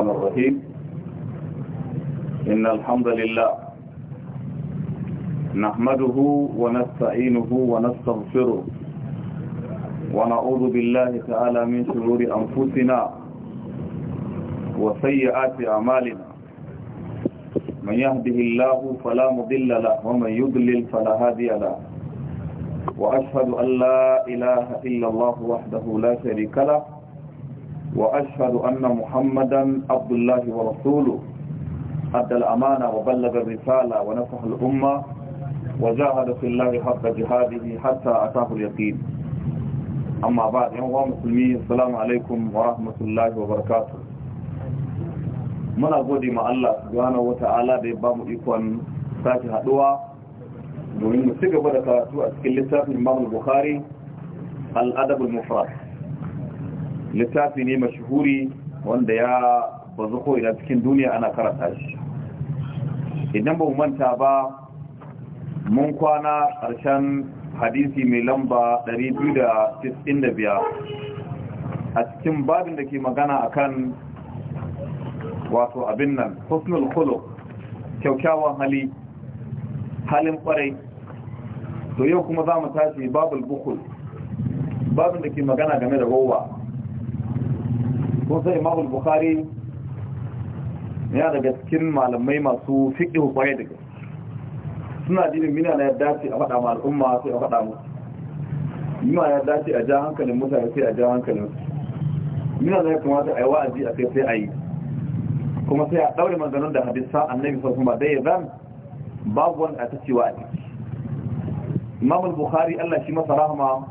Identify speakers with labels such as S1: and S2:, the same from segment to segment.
S1: الرحمن الرحيم إن الحمد لله نحمده ونستعينه ونستغفره ونعوذ بالله تعالى من شرور أنفسنا وسيئات أعمالنا من يهده الله فلا مضل له ومن يضلل فلا هادي له وأشهد أن لا إله إلا الله وحده لا شريك له وأشهد أن محمدا عبد الله ورسوله أدى الأمانة وبلغ الرسالة ونصح الأمة وجاهد في الله حق جهاده حتى أتاه اليقين أما بعد يا مسلمين السلام عليكم ورحمة الله وبركاته من gode ma الله سبحانه وتعالى da ya ba mu ikon sake haduwa domin mu ci gaba da littafi ne mashuhuri wanda ya bazu ko'ina cikin duniya ana karanta shi idan ba manta ba mun kwana ƙarshen hadisi mai lamba 295 a cikin babin da ke magana akan wato abin nan husnul khuluq kyaukyawan hali halin kwarai to yau kuma za mu tashi babul bukhul babin da ke magana game da rowa kun sai imamul bukhari ya daga cikin malamai masu fiƙi kwaye daga suna dinin mina na yadda ce a faɗa ma al'umma sai a faɗa musu mina ya dace a ja hankalin mutane sai a ja hankalin su mina na ya kamata a yi wa'azi a kai sai a yi kuma sai a ɗaure maganin da hadisa annabi sau kuma dai zan babu wani a ta cewa a ciki imamul bukhari allah shi masa rahama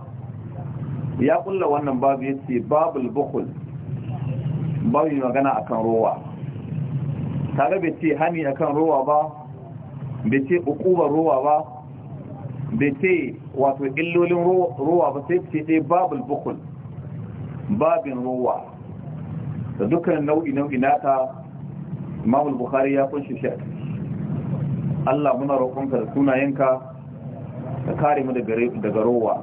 S1: ya kulla wannan babu ya ce babul bukhul ba yi magana a kan rowa tare bai ce hani a kan rowa ba bai ce ukubar rowa ba bai ce wato illolin rowa ba sai ce dai babul bukul babin rowa da dukkan nau'i nau'i nata imamul bukhari ya kunshi shi Allah muna roƙonka da sunayenka ka kare mu daga rowa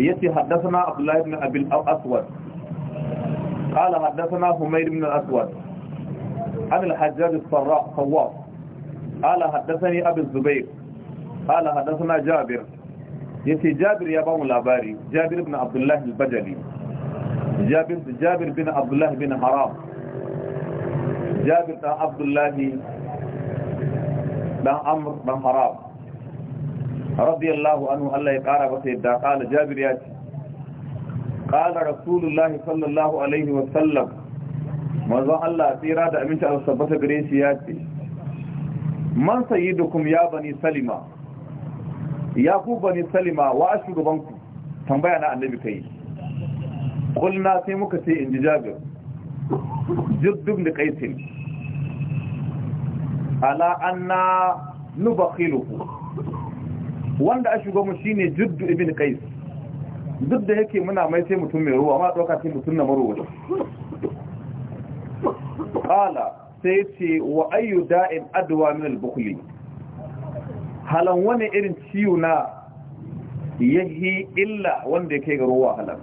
S1: yace na abdullahi ibn abil aswad قال حدثنا حمير بن الأسود عن الحجاج الصراء خواص قال حدثني أبي الزبير قال حدثنا جابر يسي جابر يا بون الأباري جابر بن عبد الله البجلي جابر, جابر بن عبد الله بن حرام جابر بن عبد الله بن عمرو بن حرام رضي الله عنه الله يقارب سيدا قال جابر ياتي قال رسول الله صلى الله عليه وسلم manzon Allah tsira da abinci a sabbata gare shi ya ce man sayyidukum ya bani salima ya ku bani salima wa a shugabanku tambaya na annabi kai kulna sai muka ce in ji jabir jiddub da kaitin ala anna nubakhiluhu wanda a shugabanmu shine jiddu ibn qais duk da yake muna mai sai mutum mai ruwa ma ɗauka sai mutum na marowaci ƙala sai ce wa ayyu da'in adwa min al-bukhli halan wani irin ciwo na yahi illa wanda yake ga ruwa halan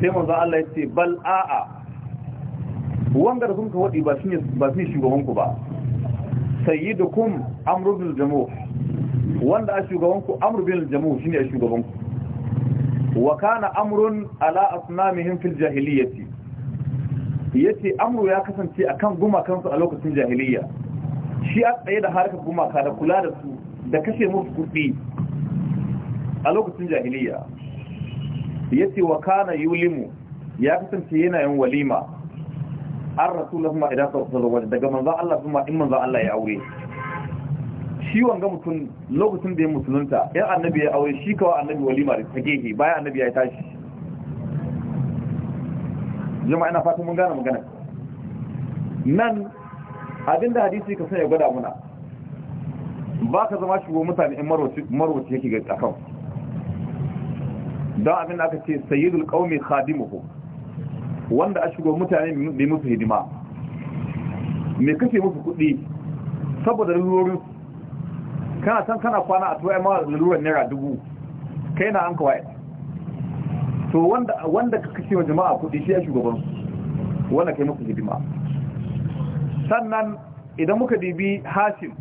S1: sai manzo Allah yace bal a'a wanda da kun ka wadi ba shine ba shine shugaban ku ba sayyidukum amru bil jamu wanda a shugaban ku amru bil jamu shine a shugaban ku wa kana amrun ala asnamihim fil jahiliyyati yace amru ya kasance akan gumakansu a lokacin jahiliyya shi a tsaye da harkar gumaka da kula da su da kashe musu kuɗi a lokacin jahiliyya yace wa kana yulimu ya kasance yana yin walima an rasulullah idan sallallahu alaihi daga manzo Allah kuma in manzo Allah ya aure shi wanga mutum lokacin da ya musulunta yan annabi ya aure shi kawai annabi walima da ta gehe bayan annabi ya tashi jama'a ina fatan mun gane magana nan abinda hadisi ka sanya gwada muna ba ka zama shigo mutane in marwaci yake gaske akan don abin da aka ce sayyidul qaumi khadimuhu wanda a shigo mutane mai musu hidima me kace musu kuɗi saboda rurorin kana san kana kwana a tuwa ma lalurar naira dubu kai na an kawai to wanda ka kashe wa jama'a kudi shi ya shugaban su wanda kai muku hidima sannan idan muka dibi hashim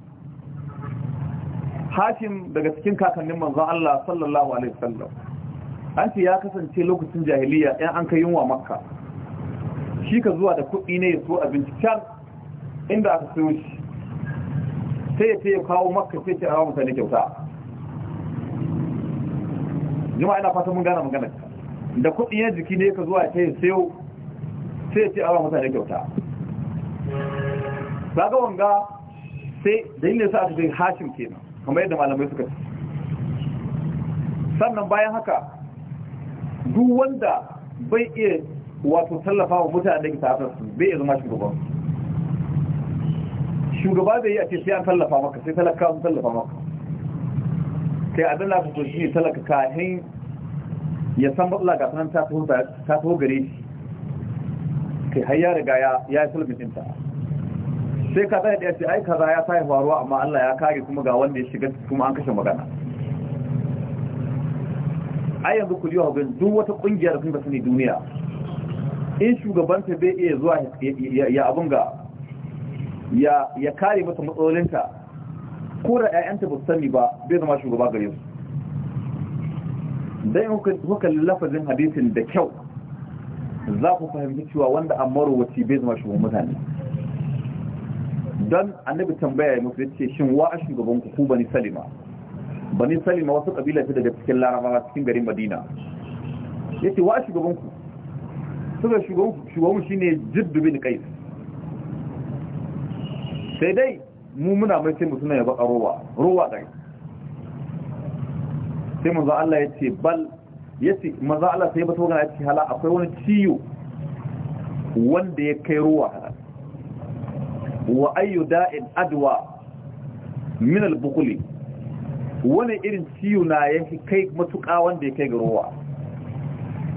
S1: hashim daga cikin kakannin manzon Allah sallallahu alaihi wasallam an ce ya kasance lokacin jahiliya ɗan an kai yunwa makka shi ka zuwa da kuɗi ne ya so abinci can inda aka sayo shi sai ce ya kawo maka sai ce a rawa mutane kyauta juma ina fata mun gana magana da kuɗi na jiki ne ka zuwa ta yi sayo sai ya ce a rawa mutane kyauta ba ga wanga sai da ne nesa aka zai hashim kenan kamar yadda malamai suka ce sannan bayan haka duk wanda bai iya wato tallafa wa mutane da ke tafasa su bai iya zama shugaban shugaba zai yi a ce sai an tallafa maka sai talaka sun tallafa maka kai a dala ka so ne talaka kahin ya san matsala ga sanar ta taho gare shi kai har ya riga ya yi sulbin ɗinta sai ka tsaye ɗaya ce ai kaza ya sa faruwa amma Allah ya kare kuma ga wanda ya shiga kuma an kashe magana ai yanzu ku jiwa bin duk wata ƙungiyar sun ba sani duniya in shugabanta bai iya zuwa ya abin ga ya ya kare mata matsalolinta ko da ƴaƴanta ba su sani ba bai zama shugaba gare su dan kuka lafazin hadisin da kyau za ku fahimci cewa wanda an wace bai zama shugaban mutane don annabi tambaya ya musu yace shin wa a shugaban ku ku bani salima bani salima wasu kabila ce daga cikin larabawa cikin garin madina yace wa a shugaban ku suka shugaban shi shine jiddu bin qais sai dai mu muna mai sai mutum ya baka ruwa ruwa dai sai maza Allah ya ce bal ce maza Allah sai bato gana ce hala akwai wani ciyo wanda ya kai ruwa wa ayyu da'in adwa min al bukuli wani irin ciyo na ya kai matuƙa wanda ya kai ga ruwa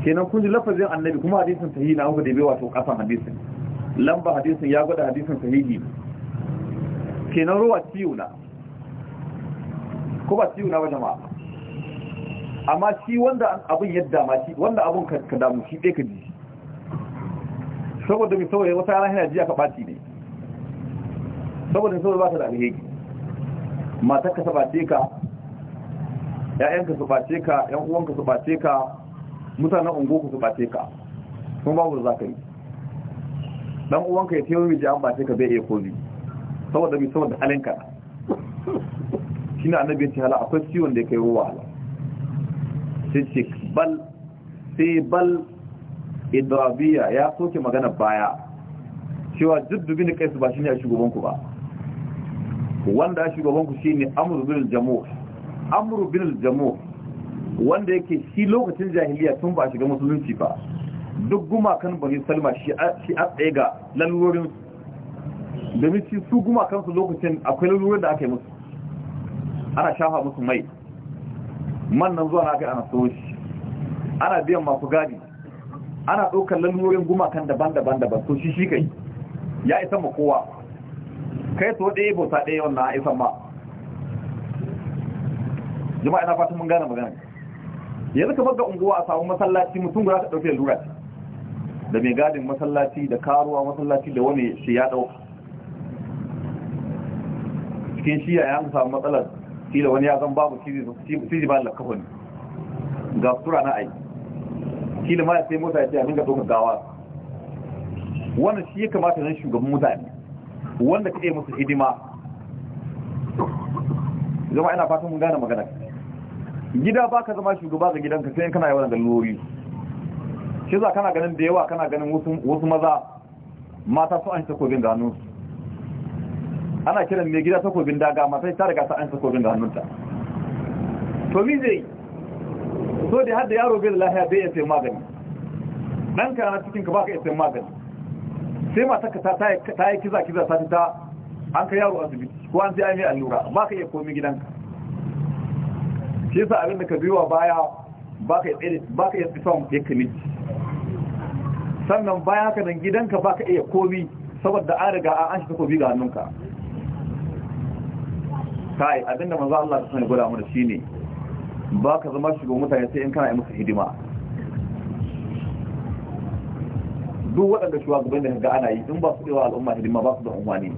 S1: kenan kun ji lafazin annabi kuma hadisin sahihi na kuka da bai wato kasan hadisin lamba hadisin ya gwada hadisin sahihi kenan ruwa ciwo na ko ba ciwo ba jama'a amma shi wanda abin yadda ma shi wanda abin ka damu shi ɗaya ka ji saboda mai saboda wata yana yana jiya ka ɓaci ne saboda saboda ba ta da alheri matar ka sabace ka ‘ya'yanka su ɓace ka ‘yan uwanka su ɓace ka mutanen ku su ɓace ka kuma babu da za ka yi ɗan uwanka ya teyoyi jiya an ɓace ka bai iya komi saboda mai saboda halinka shi na annabin ce hala akwai ciwon da ya kai ruwa hala sai ce bal sai bal idrabiya ya soke magana baya cewa jiddubin kaisu ba shi ne a shugabanku ba wanda a shugabanku shi ne amurbin jamo amurbin jamo wanda yake shi lokacin jahiliya tun ba shiga musulunci ba duk gumakan bari salma shi a tsaye ga lalurorinsu domin ci su kansu lokacin akwai lalurar da aka yi musu ana shafa musu mai man nan zuwa na aka ana tsohon shi ana biyan masu gadi ana ɗaukar lalurorin gumakan daban-daban daban so shi shi kai ya isa ma kowa kai so ɗaya bauta ɗaya wannan a isa ma jama'a ina fatan mun gane magana yanzu kamar ga unguwa a samu masallaci mutum guda ta ɗauke lura da mai gadin masallaci da karuwa masallaci da wani shi ya ɗauka cikin shiya ya samu matsalar kila wani ya zan babu siji ba lakafa ne ga sutura na aiki kila ma ya sai mota ya ce a ninka tsohon gawa wanda shi ya kamata zan shugaban mutane wanda ka musu hidima zama ina fatan mun gane magana gida ba ka zama shugaba ga gidanka sai kana yawan lori shi za kana ganin da yawa kana ganin wasu maza mata su an shi takobin gano ana kiran mai gida takobin daga matai ta daga sa'an takobin da hannunta to mi zai so da hada yaro bai da lahiya bai yasai magani nan ka na cikin ka baka yasai magani sai mata ka ta yi kiza kiza ta fita an ka yaro asibiti ko an sai an yi allura ka iya komi gidanka shi yasa abin da ka biyo baya baka iya tsere baka iya tsifan ya kamici sannan bayan haka nan gidanka baka iya komi saboda an riga an shi takobi ga hannunka kai abinda manzo Allah ta sani gwada mana shine ba ka zama shigo mutane sai in kana yi musu hidima duk waɗanda shugaban da ga ana yi in ba su da al'umma hidima ba su da unwani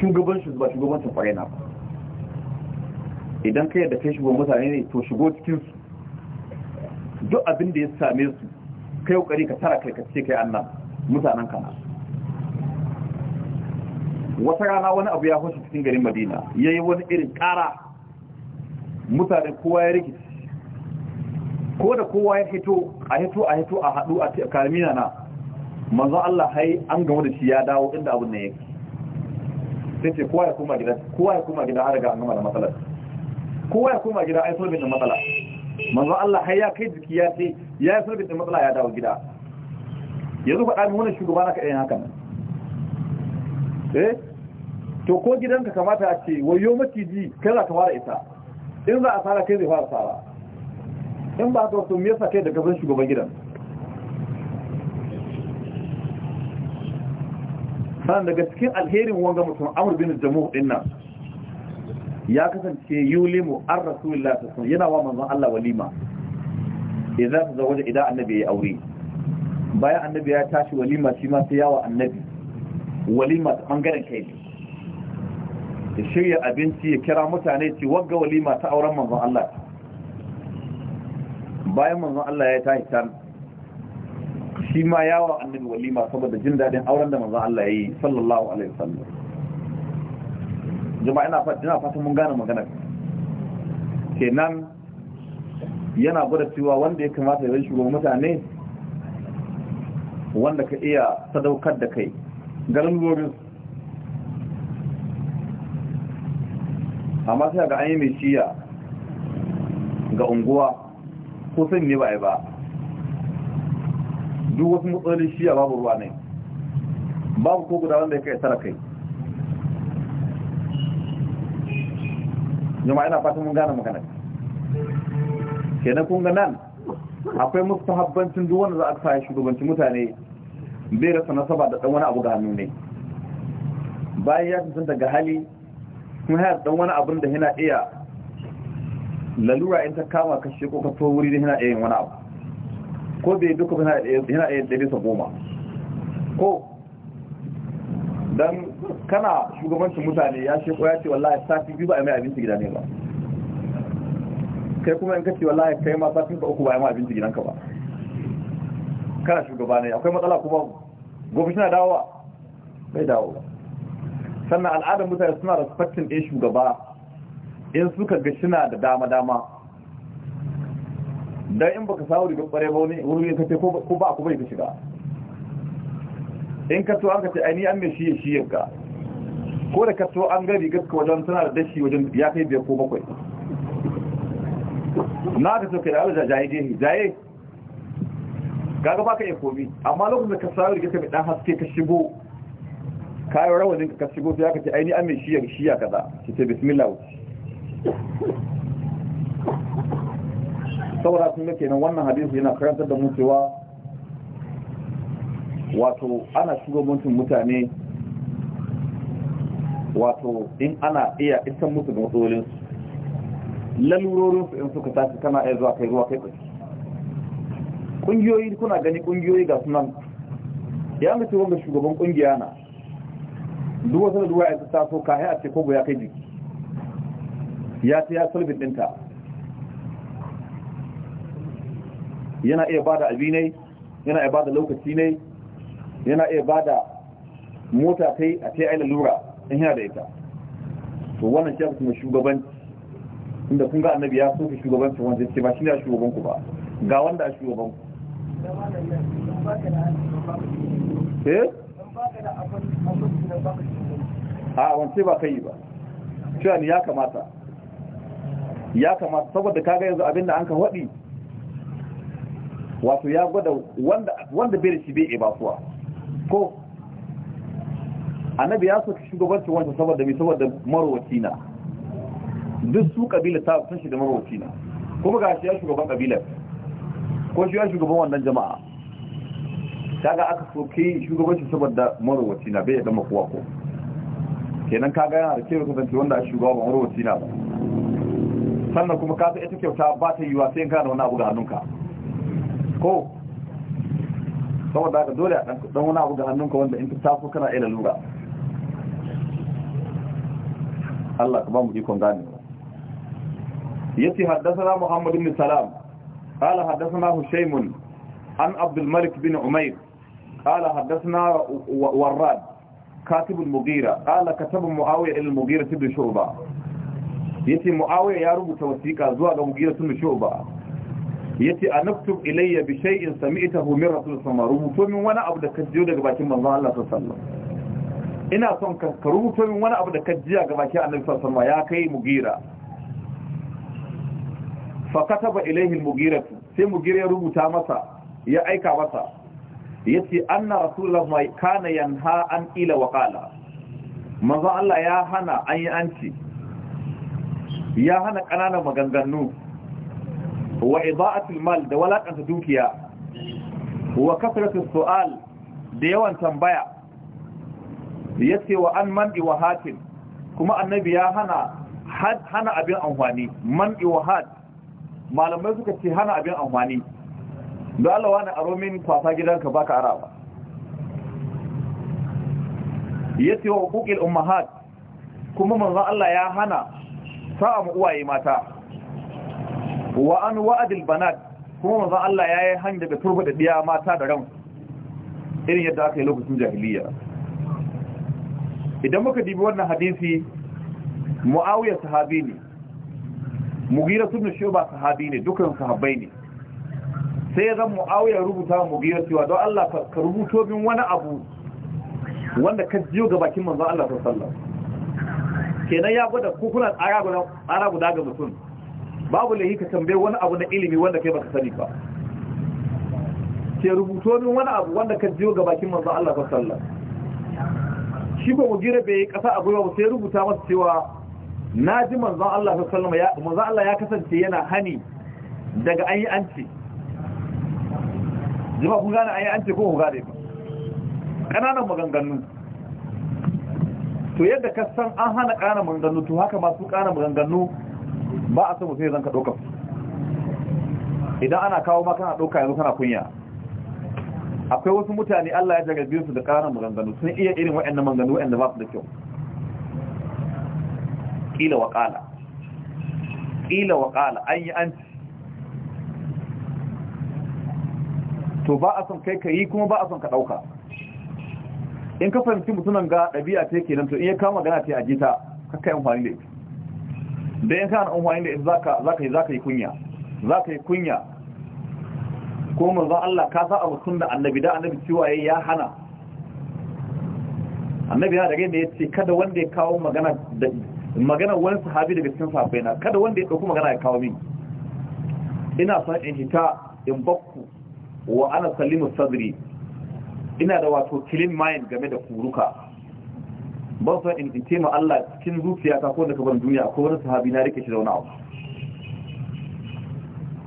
S1: shugaban shi ba ta kwarai na idan kai da kai shigo mutane ne to shigo cikin su duk abinda ya same su kai kokari ka tara kai ka ce kai annan mutanen kana wata rana wani abu ya fashe cikin garin madina ya yi wani irin ƙara mutane kowa ya rikici ko da kowa ya hito a hito a hito a haɗu a kalmina na manzo Allah hai an gama da shi ya dawo inda abin na yake sai ce kowa ya koma gida kowa ya koma gida har ga an gama da matsalar kowa ya koma gida ai solving din matsala manzo Allah hai ya kai jiki ya ce ya yi solving din matsala ya dawo gida yanzu faɗa min wani shugaba na kaɗai hakan eh to ko gidanka kamata a ce wayo maciji kai za ka fara isa in za a fara kai zai fara fara in ba ka wato me kai da gaban shugaban gidan sannan daga cikin alherin wanga mutum amur bin jamu din nan ya kasance yulimu an rasulullah ta sun yana wa manzon Allah walima idan ta zawaje idan annabi ya aure bayan annabi ya tashi walima shi ma sai yawa annabi walima ta bangaren kai ya shirya abinci ya kira mutane ce wagga walima ta auren manzon Allah bayan manzon Allah ya tashi tan shi ma yawa annabi walima saboda jin dadin auren da manzon Allah ya yi sallallahu alaihi wasallam jama'a ina fata ina fata mun gane magana kenan yana gwada cewa wanda ya kamata ya shigo mutane wanda ka iya sadaukar da kai garin gobe amma sai ga an yi mai shiya ga unguwa ko sun ne ba a yi ba duk wasu matsalin shiya babu ruwa ne babu ko guda wanda ya kai tara kai jama'a ina fatan mun gane magana kenan na kunga nan akwai habbancin duk wanda za a sa shugabanci mutane bai rasa nasaba da dan wani abu ga hannu ne bayan ya sun ga hali Kuma haya dan wani abin da yana iya lalura in ta kama kashe ko ka to wuri da yana iya wani abu ko bai duka ba yana iya da sa goma ko dan kana shugabancin mutane ya ce ko ya ce wallahi sati biyu ba a mai abinci gida ne ba kai kuma in kace wallahi kai ma sati ba uku ba a mai abinci gidanka ba kana shugaba ne akwai matsala kuma gobe shi na dawowa bai dawowa sannan al'adar mutane suna respectin ɗin shugaba in suka ga shina da dama-dama don in baka sa wuri ƙware ba wani wurin ka ce ko ba ku bai ka shiga in ka to an ka ce aini an mai ya shiye ka ko da ka to an gari, gaska wajen tana da dashi wajen ya kai biyar ko bakwai na ka so kai da alaja jaye jehi jaye gaga baka iya komi amma lokacin da ka sa wuri ka mai dan haske ka shigo kayo rawanin ka shigo sai ya ce ai ni an shiya shiya kaza ki ce bismillah wuce saboda sun ga kenan wannan hadisi yana karantar da mu cewa wato ana mutum mutane wato in ana iya isan mutu da matsalolin lalurorinsu in suka tashi kana iya zuwa kai ruwa kai tsaki kungiyoyi kuna gani ƙungiyoyi ga sunan ya mace wanda shugaban ƙungiya na duk wasu da ya ta so kayan a ce kogo ya kai jiki ya ce ya sulbin ɗinta yana iya ba da abinai, ne yana iya ba da lokaci ne yana iya ba da mota ta yi a ta yi lura, in yana da ita to wannan shi kuma shugabanci inda kun ga annabi ya soke shugabancin wanda ce ba shi ne shugabanku ba ga wanda a shugabanku eh
S2: a
S1: wance ba kai ba cewa ni ya kamata ya kamata saboda kaga yanzu abin da an ka waɗi wato ya gwada wanda bai da shi bai kuwa ko annabi ya soki shugabanci wancan saboda mai saboda marwaci na duk su kabila ta sun shi da marwaci na kuma ga shi ya shugaban kabilar ko shi ya shugaban wannan jama'a kaga aka soke shugabanci saboda marowaci na bai dama kuwa ko kenan kaga yana da kewa kasance wanda a shugaba marowaci na ba sannan kuma ka ita kyauta ba ta yiwa sai kana wani abu ga hannunka ko saboda aka dole a dan wani abu ga hannunka wanda in ta tafi kana ila lura Allah ka ba mu ikon gane ce haddasa na ibn Salam قال حدثنا هشيم عن عبد الملك بن عمير قال حدثنا وراد كاتب المغيرة قال كتب معاوية إلى المغيرة بن شعبة يتي معاوية يا رب توثيقا زواج مغيرة بن شعبة يتي أنكتب إلي بشيء سمعته من رسول الله ربطو من وانا أبدا كجيو دقا باكي من الله الله صلى ina son ka rubuto min wani abu da ka jiya ga baki annabi sallallahu alaihi wasallam ya kai mugira fa kataba ilayhi al-mugira sai mugira ya rubuta masa ya aika masa yace anna rasulullah mai kana yanha an ila wa qala manzo Allah ya hana an yi anci ya hana kananan maganganu wa ida'atul mal da walakanta dukiya wa kasratus su'al da yawan tambaya yace wa an man iwahatin kuma annabi ya hana hana abin amfani man iwahat malamai suka ce hana abin amfani da Allah wani aro min gidanka baka araba yace wa huquqil ummahat kuma manzo Allah ya hana sa'a mu uwaye mata wa an wa'adil banat kuma manzo Allah ya yi hanya da turba da diya mata da ran irin yadda aka yi lokacin jahiliya idan muka dibi wannan hadisi muawiya sahabi ne mugira ibn shuba sahabi ne dukan sahabbai ne sai zan mu'awiyar rubuta mu biyo cewa don Allah ka rubuto min wani abu wanda ka jiyo ga bakin manzon Allah sallallahu kenan ya gwada ko kuna tsara guda guda ga mutum babu lahi ka tambaye wani abu na ilimi wanda kai baka sani ba ke rubuto min wani abu wanda ka jiyo ga bakin manzon Allah sallallahu shi ko mugira bai kasa abu ba sai rubuta masa cewa na ji manzon Allah sallallahu alaihi wasallam ya manzon Allah ya kasance yana hani daga yi anci jima kun gane ayi an ce ko ku gane ba kananan maganganu to yadda ka san an hana kananan maganganu to haka masu kananan maganganu ba a samu sai zan ka ɗaukar idan ana kawo ma kana ɗauka yanzu kana kunya akwai wasu mutane Allah ya jarabe su da ƙarin maganganu sun iya irin waɗannan maganganu waɗanda ba su da kyau ƙila wa kala ƙila wa kala an yi an ci to ba a son kai ka yi kuma ba a son ka ɗauka in ka fahimci mutumin ga ɗabi'a ta kenan to in ya kama gana ta yi a kakka yi amfani da ita da in kana amfani da ita za ka yi kunya za ka yi kunya ko manzon Allah ka sa abu da annabi da annabi cewa ya hana annabi ya daga ya ce kada wanda ya kawo magana magana wani sahabi daga cikin sahabbai na kada wanda ya ɗauki magana ya kawo min ina son in hita in bakku wa ana salimu sadri ina da wato clean mind game da kuruka ban san in tema Allah cikin zuciyata ko da kaban duniya ko wani sahabi na rike shi da wani abu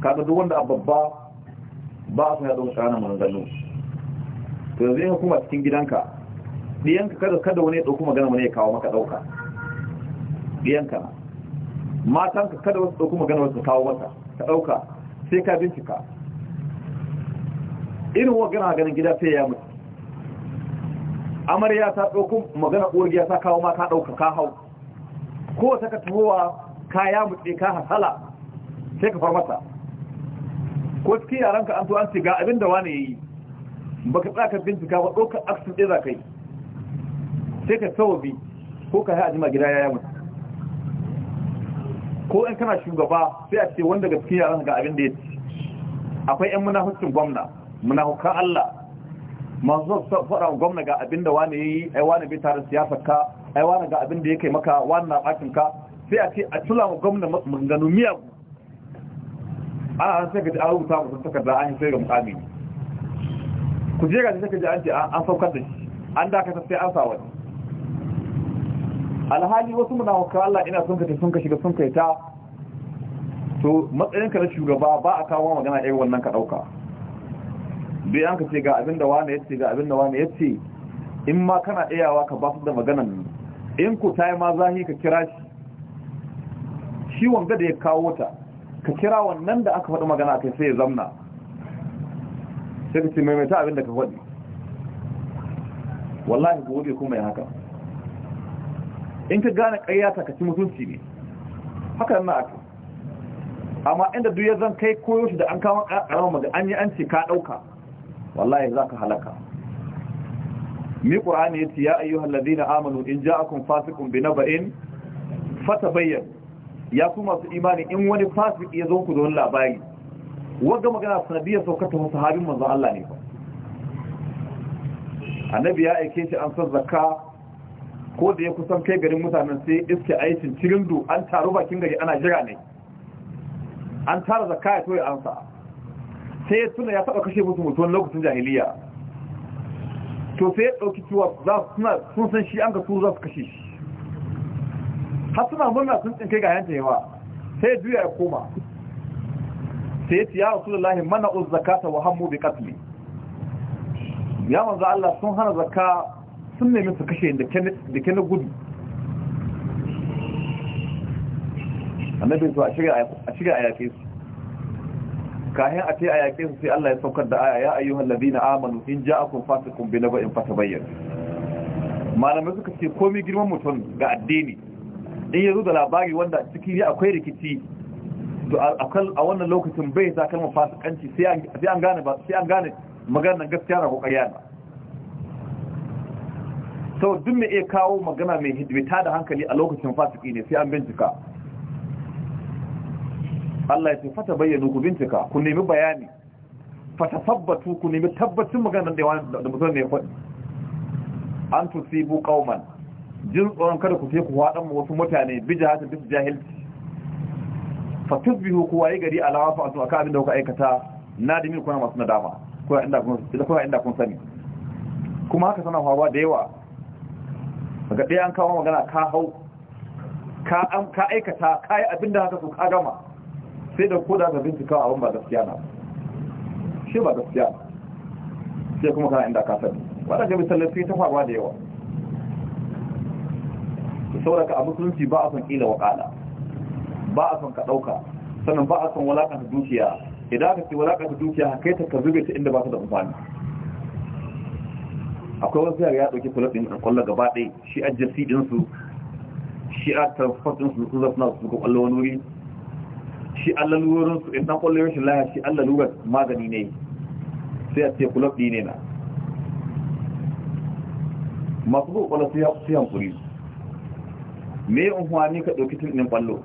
S1: kaga duk wanda babba ba su yadda ya dauka kana manzalo to zai in kuma cikin gidanka diyanka kada kada wani ya dauko magana wani ya kawo maka dauka diyanka matanka kada wasu dauko magana wasu kawo maka ka dauka sai ka bincika irin wa gana ganin gida sai ya mutu amarya ta ɗauko magana ya ta kawo ma ka ɗauka ka hau ko ta ka tuhowa ka ya mutu ka hasala sai ka farmata ko cikin yaran an an tuwanci ga abin da wani yayi ka tsaka bincika ba ɗaukar aksin ɗin za ka yi sai ka sawabi ko ka haji ma gida ya mutu ko in kana shugaba sai a ce wanda ga cikin yaran ga abin da ya ci akwai 'yan munafucin gwamna hukar Allah masu faɗa gwamna ga abin da wani yi a wani bai tare siyasar ka a wani ga abin da yake maka wani na bakin ka sai a ce a tula ma gwamna maganganu miyagu ana an sai ka ji an rubuta mutum takarda an yi sai ga mukami ku je ga sai ka ji an saukar da shi an dakata sai an sa wani alhali wasu hukar Allah ina son ka sun ka shiga sun kai ta to matsayin ka na shugaba ba a kawo magana irin wannan ka ɗauka. bai an ka ce ga abin da wane ya ce ga abin da wane ya ce in ma kana iyawa ka ba su da maganan in ku ta yi ma zahi ka kira shi shi wanga da ya kawo ta ka kira wannan da aka faɗi magana kai sai ya zamna sai ka ce maimaita abin da ka faɗi wallahi gobe kuma ya haka in ka gane ƙayyata ka ci mutunci ne haka na aka amma inda duk ya zan kai koyo shi da an kawo ƙaramar maga an yi an ce ka ɗauka wallahi za ka halaka mi qur'ani ya ce ya ayyuhal ladina amanu in ja'akum fasiqun bi naba'in fatabayyan ya kuma masu imani in wani fasik ya zo ku da labari wanda magana sanadiyar sauka ta sahabin manzo Allah ne fa. annabi ya aike shi an san zakka ko da ya kusan kai garin mutanen sai iske aikin cirindu an taru bakin gari ana jira ne an tara zakka ya toye ansa sai ya tuna ya taba kashe musu mutuwan lokacin jahiliya to sai ya dauki cewa za suna sun san shi an ka su za su kashe shi har suna murna sun tsinkai ga yanta yawa sai ya juya ya koma sai ya rasu da lahi mana uz zakata wa hannu bi qatli ya manzo Allah sun hana zakka sun nemi su kashe da ken gudu annabi to a shiga a shiga a su kahin a ce a yaƙe su sai Allah ya saukar da aya ya ayyuhal ladina amanu in ja ja'akum fasiqun bi naba'in fatabayyan malamai suka ce komai girman mutum ga addini in zo da labari wanda ciki ya akwai rikici to a wannan lokacin bai sa kalmar fasikanci sai an gane ba sai an gane magana gaskiya na kokariya na sau duk mai iya kawo magana mai hidimta da hankali a lokacin fasiki ne sai an bincika Allah ya ce fata bayyana ku bincika ku nemi bayani fata tabbatu ku nemi tabbacin maganar da mutum ne ya faɗi an tusibu qauman jin tsoron kada ku teku haɗan wasu mutane bija hata bis jahilci fa tusbihu ku waye gari alawa fa asu aka abinda kuka aikata na nadimin kuna masu nadama ko inda kun da kuma inda sani kuma haka sana hawa da yawa daga ɗaya an kawo magana ka hau ka aikata, ka aikata kai abinda haka so ka gama sai da koda ka bincika abin ba gaskiya na shi ba gaskiya na sai kuma kana inda ka sani ga misalin sai ta faruwa da yawa saboda ka a musulunci ba a son ƙila waƙala ba a son ka ɗauka sannan ba a son ta dukiya idan aka ce ta dukiya ka kai ta ka zube ta inda ba ta da amfani akwai wasu yare ya ɗauki kulab din ƙwallo gaba ɗaya shi a jinsi ɗinsu shi a tafafin su sun zafi na su kwallo wani wuri shi Allah lurin su in dan kwallo rashin lafiya shi Allah lurin magani ne sai a ce kulab ne na masu zuwa kwallo su yankuri me yi ne ka ɗauki tun ɗin kwallo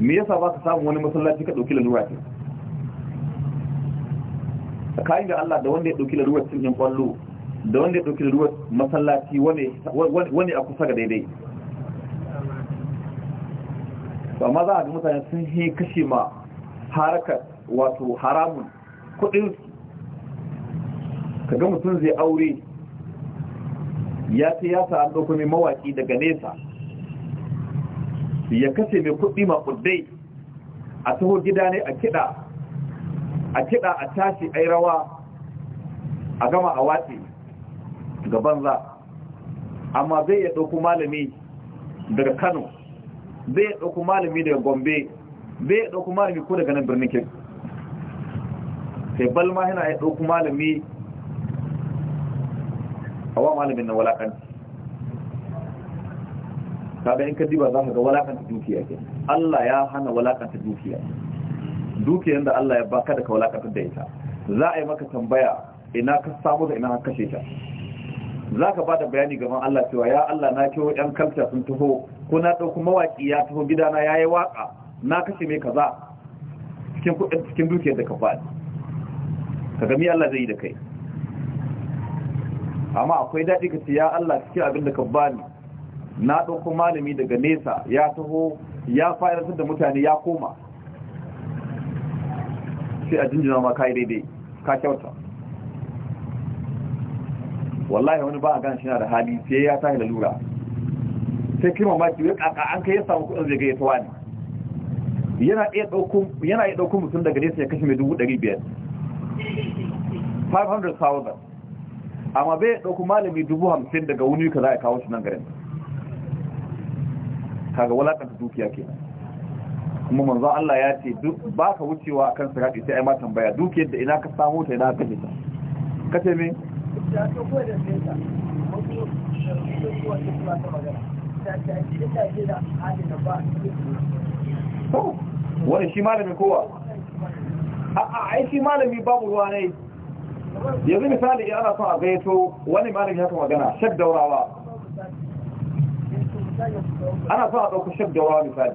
S1: me yasa ba ka samu wani masallaci ka ɗauki lalura ce tsakanin da Allah da wanda ya ɗauki lalura tun ɗin kwallo da wanda ya ɗauki lalura masallaci wani a kusa ga daidai amma za a ga mutane sun yi kashe ma harakar wato haramun kudin kaga mutum zai aure ya ce ya sa an ɗauko mai mawaki daga nesa ya kashe mai kuɗi maƙudai a taho gida ne a kiɗa a kiɗa a tashi ai rawa a gama a wace gaban za amma zai ya ɗauko malami daga kano bai ɗauku malami daga gombe bai ɗauku malami ko daga nan birnin ke sai balma yana ya ɗauku malami a wa malamin na walakanta kaga in ka diba za ka ga walakanta dukiya ke Allah ya hana walakanta dukiya dukiyar da Allah ya baka da ka walakanta da ita za a yi maka tambaya ina ka samu da ina kashe ta za ka ba da bayani gaban Allah cewa ya Allah na kewa 'yan kalta sun taho ko na ɗauku mawaƙi ya taho gidana ya yi waƙa na kashe mai kaza cikin dukiyar da ka faɗi ka gami Allah zai yi da kai amma akwai daɗi ka ce ya Allah cikin abin da ka bani na ɗauko malami daga nesa ya taho ya fayar da mutane ya koma sai a jinjina ma kai daidai ka kyauta wallahi wani ba a gan shi na da hali sai ya tahi lalura sai kima mamaki wai kaka an kai ya samu kuɗin zai ga ya tawa ne yana iya ɗauko mutum daga nesa ya kashe mai dubu ɗari biyar 500,000 amma bai ɗauko malami dubu hamsin daga wuni ka za a kawo shi nan garin kaga walakanta dukiya ke. kuma manzon Allah ya ce duk baka wucewa akan sirati sai ai ma tambaya dukiyar da ina ka samu ta ina ka ce ta kace me wani shi malami kowa a shi malami babu ruwa ne yanzu misali ana son a gaito wani malami haka magana shak daurawa ana son a dauko shak daurawa misali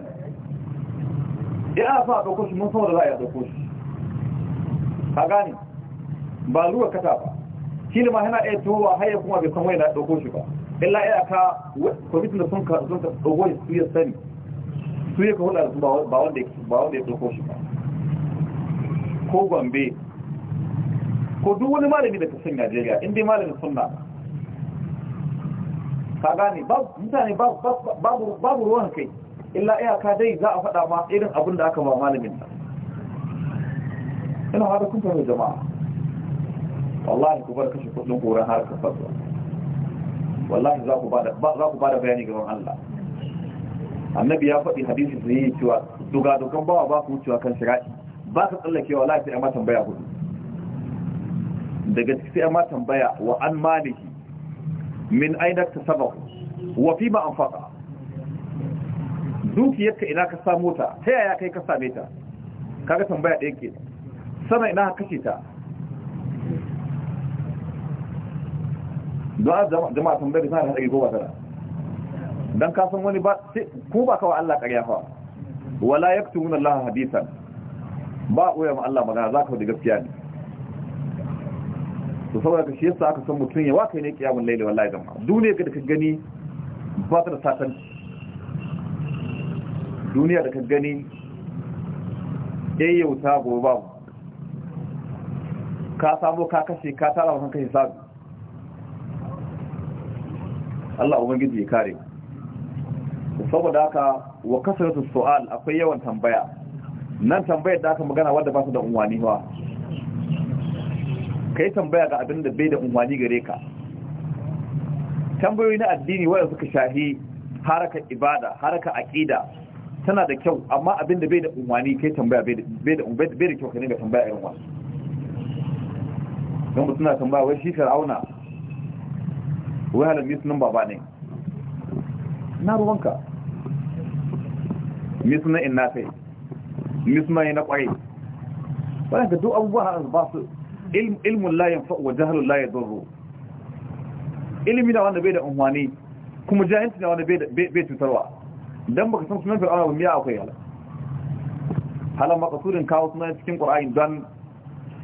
S1: ya ana son a dauko shi mun sama da za a yi a ɗauko shi a gani ba zuwa kata ba shi ne ma yana ɗaya tuwa har ya kuma bai san wai na ɗauko shi ba illa iyaka kwamitin da sun ka dogo su ya sani su ya ka da su ba wanda ya tsoko shi ba ko gombe ko duk wani malami da ka san najeriya inda malamin sunna ka gane mutane babu ruwan kai illa iyaka dai za a faɗa ma irin abin da aka ba malamin ta ina haɗa kun fahimta jama'a wallahi ku bar kashe kudin har ka fasuwa wallahi za ku bada bayani ga Allah annabi ya faɗi hadisi da yi cewa duga dukan bawa ba ku wucewa kan shira'i ba ka tsallake wallahi sai amma tambaya ku daga ciki sai amma tambaya wa an maliki min aina tasabahu wa fi ma anfaqa dukiyarka ina ka samu ta ta yaya kai ka same ta kaga tambaya ɗaya ke sama ina ka kashe ta don a jama'a tambayar suna da haɗari ko ba tara don kasan wani ba ku ba kawai Allah ƙarya fa wala ya fito wani Allah hadisan ba a ɓoye Allah magana za ka wadda gaskiya ne Su saboda ka shi yasa aka san mutum ya waka ne kiyamun laili wallahi zama duniya ka da ka gani ba ta da satan duniya da ka gani yayyauta gobe ba ka samu ka kashe ka tara wasan kashe sabu Allah ubangiji ya kare saboda haka wa kasratu su'al akwai yawan tambaya nan tambayar da aka magana wadda ba su da unwani ba kai tambaya ga abin da bai da unwani gare ka tambayoyi na addini wanda suka shahi haraka ibada haraka aqida tana da kyau amma abin da bai da unwani kai tambaya bai da bai da kyau kan ne ga tambaya irin wannan don mutuna tambaya wai shi fir'auna wai halin sunan baba ne na ruwanka misunan ina sai kai misunan yi na kwaye wadda ga duk abubuwa ba su ilmin layin fa'uwa jihalar layin zorro ilimi na wanda bai da unhwani kuma jahilci na wanda bai cutarwa don baka san sunan fir'auna ba miya akwai yala halar makasurin kawo sunan cikin ƙwar'ayin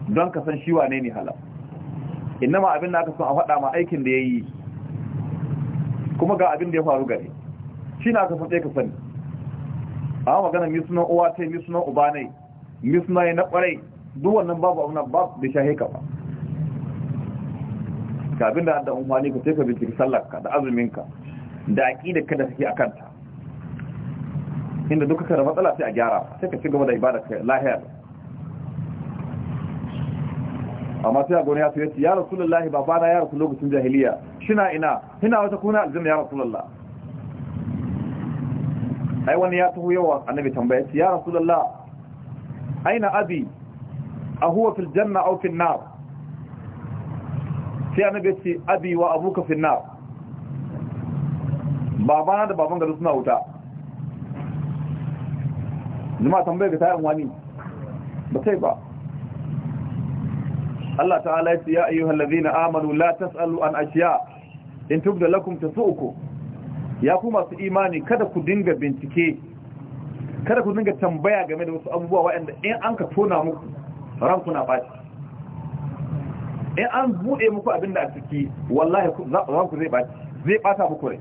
S1: don ka san shiwa ne ne halar inna ma abin da aka son a faɗa ma aikin da ya yi kuma ga abin da ya faru gari, shi na kafa ka sani a magana mi uwa ce mi uba ne mi sunan na kwarai duk wannan babu abu na babu da shahe ka ba ga abin da adda umarni ka ce ka binciki sallarka da azuminka da aqida ka da kake a kanta inda duka ka da matsala sai a gyara sai ka ci gaba da ibada ka lahiya amma sai gona ya tafi ya rasulullahi babana ya rasu lokacin jahiliya shina ina hina wata kuna aljanna ya rasulullah ai wani ya taho yawa annabi tambaya ya rasulullah aina abi ahuwa fil janna aw fil nar sai annabi ce abi wa abuka fil nar babana da baban gari suna wuta jama'a tambaya ga tayan wani ba sai ba Allah ta'ala ya ce ya ayyuhal ladina amanu la tasalu an ashiya in tubda lakum tasu'uku ya ku masu imani kada ku dinga bincike kada ku dinga tambaya game da wasu abubuwa waɗanda in an ka tona muku ranku na baci in an bude muku abin da a ciki wallahi ranku zai baci zai bata muku rai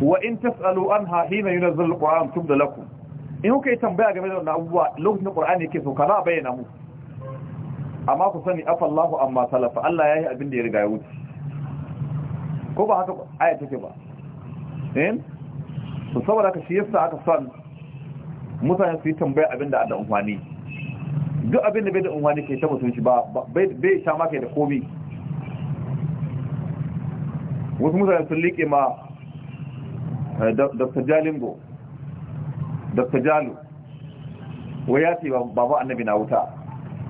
S1: wa in tasalu ha hina yunzilul qur'an tubda lakum in kuka yi tambaya game da wannan abubuwa lokacin qur'ani yake so kaza bayyana muku amma ku sani afallahu amma salafa Allah ya yi abin da ya riga ya wuce ko ba haka aya take ba in eh? su saboda ka shi yasa aka san mutane su yi tambaya abin da ada umfani duk abin da bai da umfani ke ta mutunci ba bai sha maka da komi wasu mutane sun liƙe ma eh, dr jalingo dr jalu wai ya ce ba ba annabi na wuta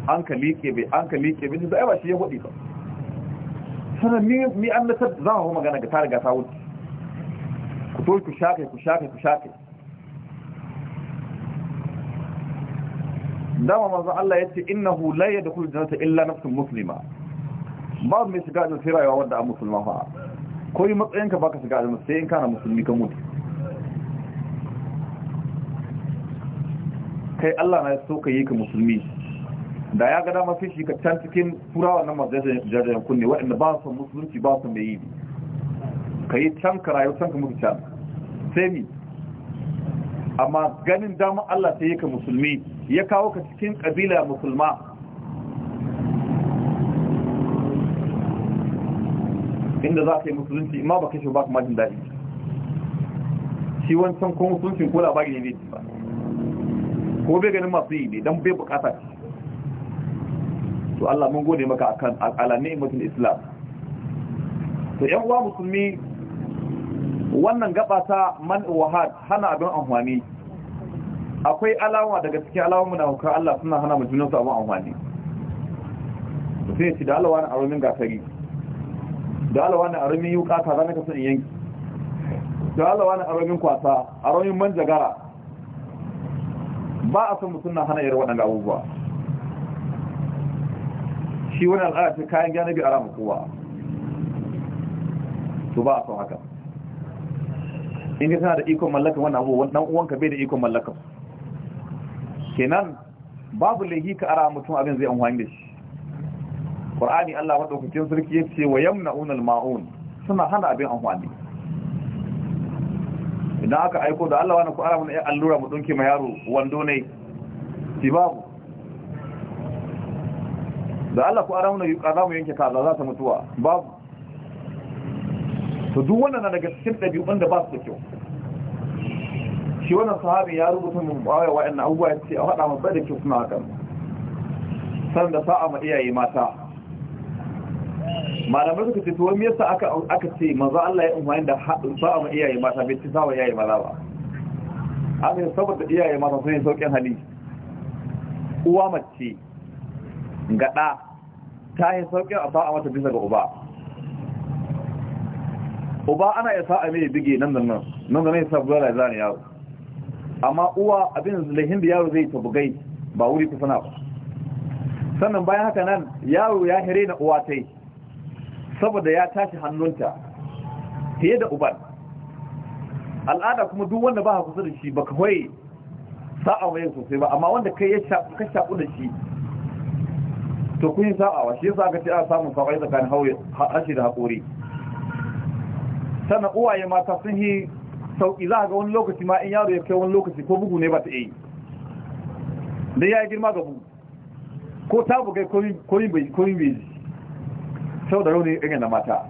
S1: an ka liƙe bai an ka liƙe bai zai ba shi ya hudi ba Sannan ni ni an da za mu magana ga tare ga ta wuce ku to ku shafe ku shafe ku shafe dama manzo Allah yace innahu la yadkhul jannata illa nafsun muslima ba mu shiga da rayuwa wanda a musulma fa ko yi matsayinka baka shiga da sai in kana musulmi ka mutu kai Allah na so ka yi ka musulmi da ya ga dama sai shi ka can cikin turawa na masu jajayen kunne waɗanda ba su musulunci ba su mai yi ka yi can ka rayu can ka mutu can sai ni amma ganin damar Allah sai ka musulmi ya kawo ka cikin ƙabila musulma inda za ka yi musulunci ma ba kashe ba ka majin daɗi shi wancan ko musulunci ko labari ne ba ko bai ganin masu yi ne don bai bukata shi to Allah mun gode maka akan alani mutum islam to yan uwa musulmi wannan gaba ta man wahad hana abin amfani akwai alawa daga cikin alawan munafuka Allah suna hana mu junan samu amfani to sai ci da alawa na arumin gasari da alawa na arumin yuka ka zan ka sani yanki da alawa na arumin kwasa arumin manjagara ba a san mutun na hana irin waɗannan abubuwa shi wani al'ada ce kayan gane bi alama kowa to ba a son haka in ka tana da ikon mallakan wannan abubuwan dan uwanka bai da ikon mallakan kenan babu laihi ka ara mutum abin zai amfani da shi qur'ani Allah madaukakin sarki yace wa yamna'una unal maun suna hana abin amfani idan aka aiko da Allah wani ku ara ya allura mu dunke ma yaro wando ne babu da Allah ku arauna mana kaza mu yanke kaza za ta mutuwa babu to duk wannan daga cikin ɗabi'u da ba su da kyau shi wannan sahabi ya rubuta mun bawai wa inna ya yace a faɗa mun bada da kyau suna hakan san da sa'a ma iyaye mata malamai suka ce to wani yasa aka aka ce manzo Allah ya umma da sa'a ma iyaye mata bai ci sa'a iyaye maza ba abin saboda iyaye mata sun yi sauƙin hali uwa mace gaɗa ta yi sauƙin a sa'a mata bisa ga uba uba ana ya sa'a mai bige nan da nan nan da nan ya sa buwa da zane yaro amma uwa abin lahin da yaro zai tabugai ba wuri ta sana ba sannan bayan haka nan yaro ya hire na uwa ta yi saboda ya tashi hannunta fiye da uban al'ada kuma duk wanda ba kusa da shi ba kawai sa'a mai sosai ba amma wanda kai ya shaƙu da shi to kun yi sa'awa shi yasa aka ce a samu kawai tsakanin hauye hashi da haƙori sannan uwaye mata sun yi sauƙi za a ga wani lokaci ma in yaro ya kai wani lokaci ko bugu ne ba ta yi da ya yi girma ga bugu ko ta bugai koyin bai ji? sau da rauni irin da mata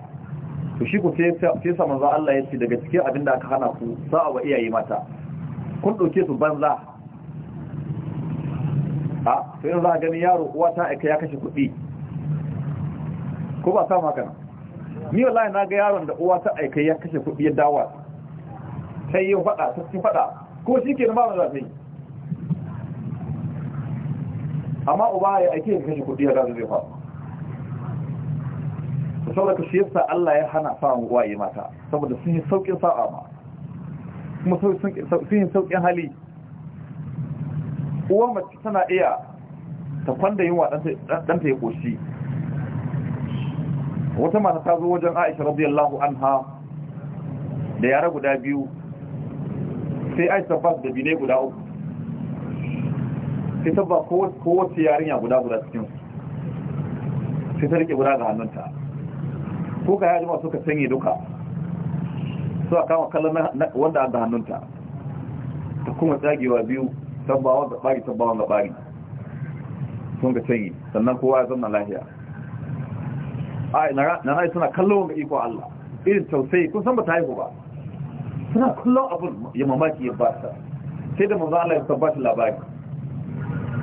S1: to shi ku sai sa manzo Allah ya ce daga cikin abin da aka hana ku a wa iyaye mata kun ɗauke su banza a sai za a gani yaro uwa ta aika ya kashe kuɗi ko ba samu haka nan ni wallahi na ga yaron da uwa ta aika ya kashe kuɗi ya dawa sai yin faɗa ta cikin faɗa ko shi ke nama za ta yi amma uba ya aike ya kashe kuɗi ya gazu zai faɗa saboda ka shi yasa Allah ya hana samun uwaye mata saboda sun yi sauƙin sa'a ma kuma sun yi sauƙin hali uwar mace tana iya ta kwanda yunwa ɗanta ya ƙoshi wata mata ta zo wajen aisha radiyallahu anha da yara guda biyu sai aisha ba da bine guda uku sai ta ba kowace yarinya guda guda cikin sai ta rike guda ga hannunta ko ka yaji masu ka sanye duka su a kama kallon wanda an da hannunta ta kuma tsagewa biyu tabbawan da bari tabbawan da bari sun ka canyi sannan kowa ya zama lahiya a na na suna kallon ga iko Allah irin tausayi kun san ba ta haihu ba suna kallon abin ya mamaki ya basa sai da manzo Allah ya tabbata labari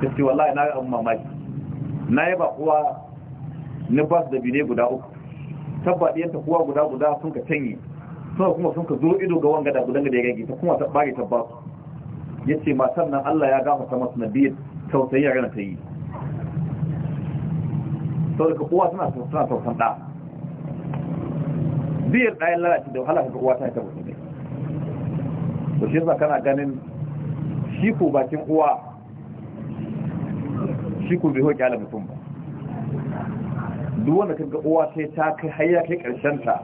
S1: sai wallahi na ga mamaki na yaba kowa na ba su da bine guda uku tabbaɗiyanta kowa guda guda sun ka canyi suna kuma sun ka zo ido ga wanga da gudan da ya gage ta kuma ta bari tabbatu yace matan nan Allah ya gafarta masa biyar tausayi ya ranar ta yi sau ka kowa suna suna tausan ɗa biyar ɗayan lalace da wahala ka kowa ta yi ta Wasu ne to shi yasa kana ganin shi ko bakin uwa shi ko bai hoƙi ala mutum ba duk wanda ka ga uwa sai ta kai hayya kai ƙarshen ta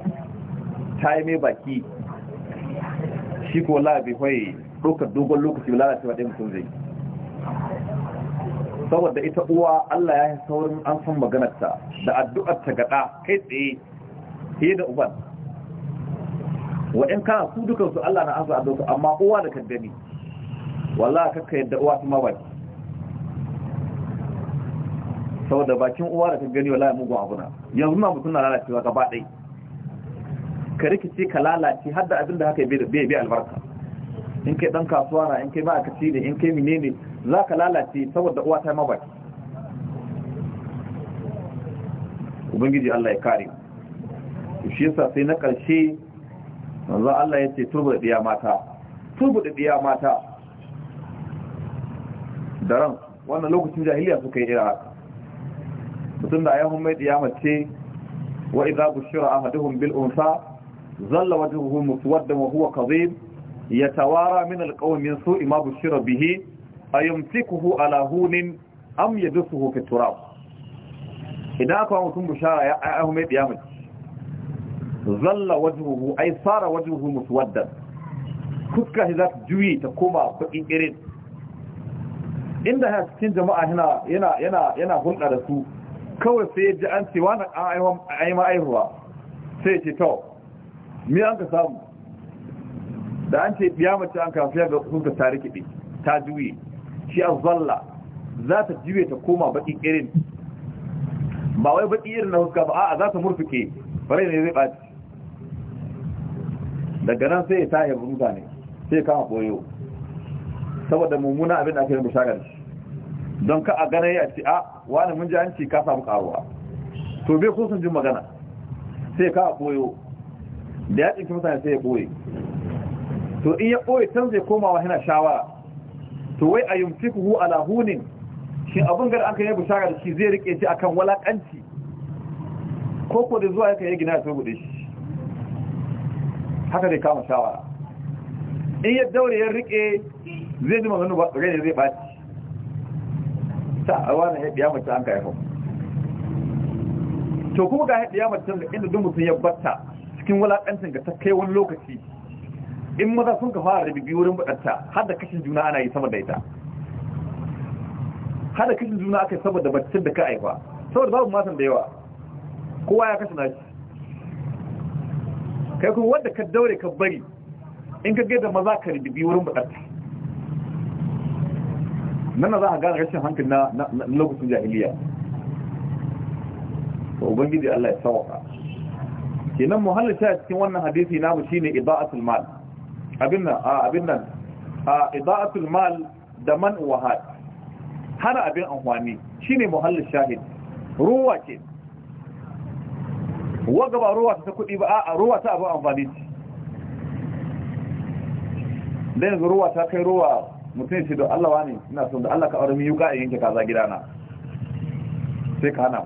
S1: ta yi mai baki shi ko la bai hoye ɗaukar dogon lokaci ba lalacewa ɗaya mutum zai saboda ita uwa Allah ya yi saurin an san maganarta da addu'ar ta gaɗa kai tsaye fiye da uban waɗin kana su dukansu Allah na an sa addu'a amma uwa da kan gani wallahi kakka yadda uwa ta mabaki saboda bakin uwa da ta gani wala ya mugun abuna yanzu na mutum na lalacewa gaba ɗai ka rikice ka lalace har da abin da haka bai bai albarka in kai dan kasuwa na in kai ma'aikaci ne in kai menene za ka lalace saboda uwa ta yi mabaki ubangiji Allah ya kare shi yasa sai na karshe manzo Allah ya ce da ɗiya mata da ɗiya mata daren wannan lokacin jahiliya suka yi irin mutum da ayyuhun mai diya mace wa idza bushira ahaduhum bil unsa zalla wajhuhu muswaddan wa huwa kadhib Ya tawara min alqawmi min su'i ma bushira bihi ayumsikuhu ala hunin am yadsuhu fi turab idan aka mutum bushara ya ahu mai diyamit zalla wajhuhu ay sara wajhuhu muswaddan kuska shi za ta juyi ta koma bakin irin inda ya cikin jama'a yana yana yana hulɗa da su kawai sai ji an ce wani an aiwa aiwa sai ce to me an ka samu da an ce biya mace an kafiya ga kusurka ta rikide ta juye shi a zalla za ta juye ta koma baki irin ba wai baki irin na huska ba a za ta murfuke bare ne zai ɓaci daga nan sai ya tahir mutane sai ya kama ɓoyo saboda mummuna abin da ake yin shagar don ka a gane ya ce a wani mun ji an ce ka samu karuwa to bai kusan jin magana sai ya kama ɓoyo da ya ɗinki mutane sai ya ɓoye to in ya ɓoye can zai komawa yana shawara to wai a yumfiku ala hunin shi abun gar an kai yi bishara da shi zai rike shi akan walakanci ko ko da zuwa yake ya gina ta gude shi haka dai kama shawara in ya daure ya rike zai ji maganu ba rai zai baci ta a wani ya biya mace an ka yaho to kuma ga ya biya da inda duk mutum ya batta cikin walakancin ga ta kai wani lokaci in maza sun ka fara biyu wurin budatta har da kashin juna ana yi sama da ita har da kashin juna aka yi saboda baccin da ka aifa saboda babu matan da yawa kowa ya kashe nashi kai kuma wanda ka daure ka bari in ka gaida maza ka biyu wurin budatta nan za a gane rashin hankali na lokacin jahiliya to ubangiji Allah ya sauka kenan muhallin ta cikin wannan hadisi namu shine ibaatul mal abin nan abin nan ida'atul mal da man wahad hana abin anhwani shine muhallin shahid ruwa ce waga ba ruwa ta kudi ba a ruwa ta abu amfani ce dan ruwa ta kai ruwa mutum shi da Allah wani ina son da Allah ka aure mi ka yanke kaza gidana sai ka hana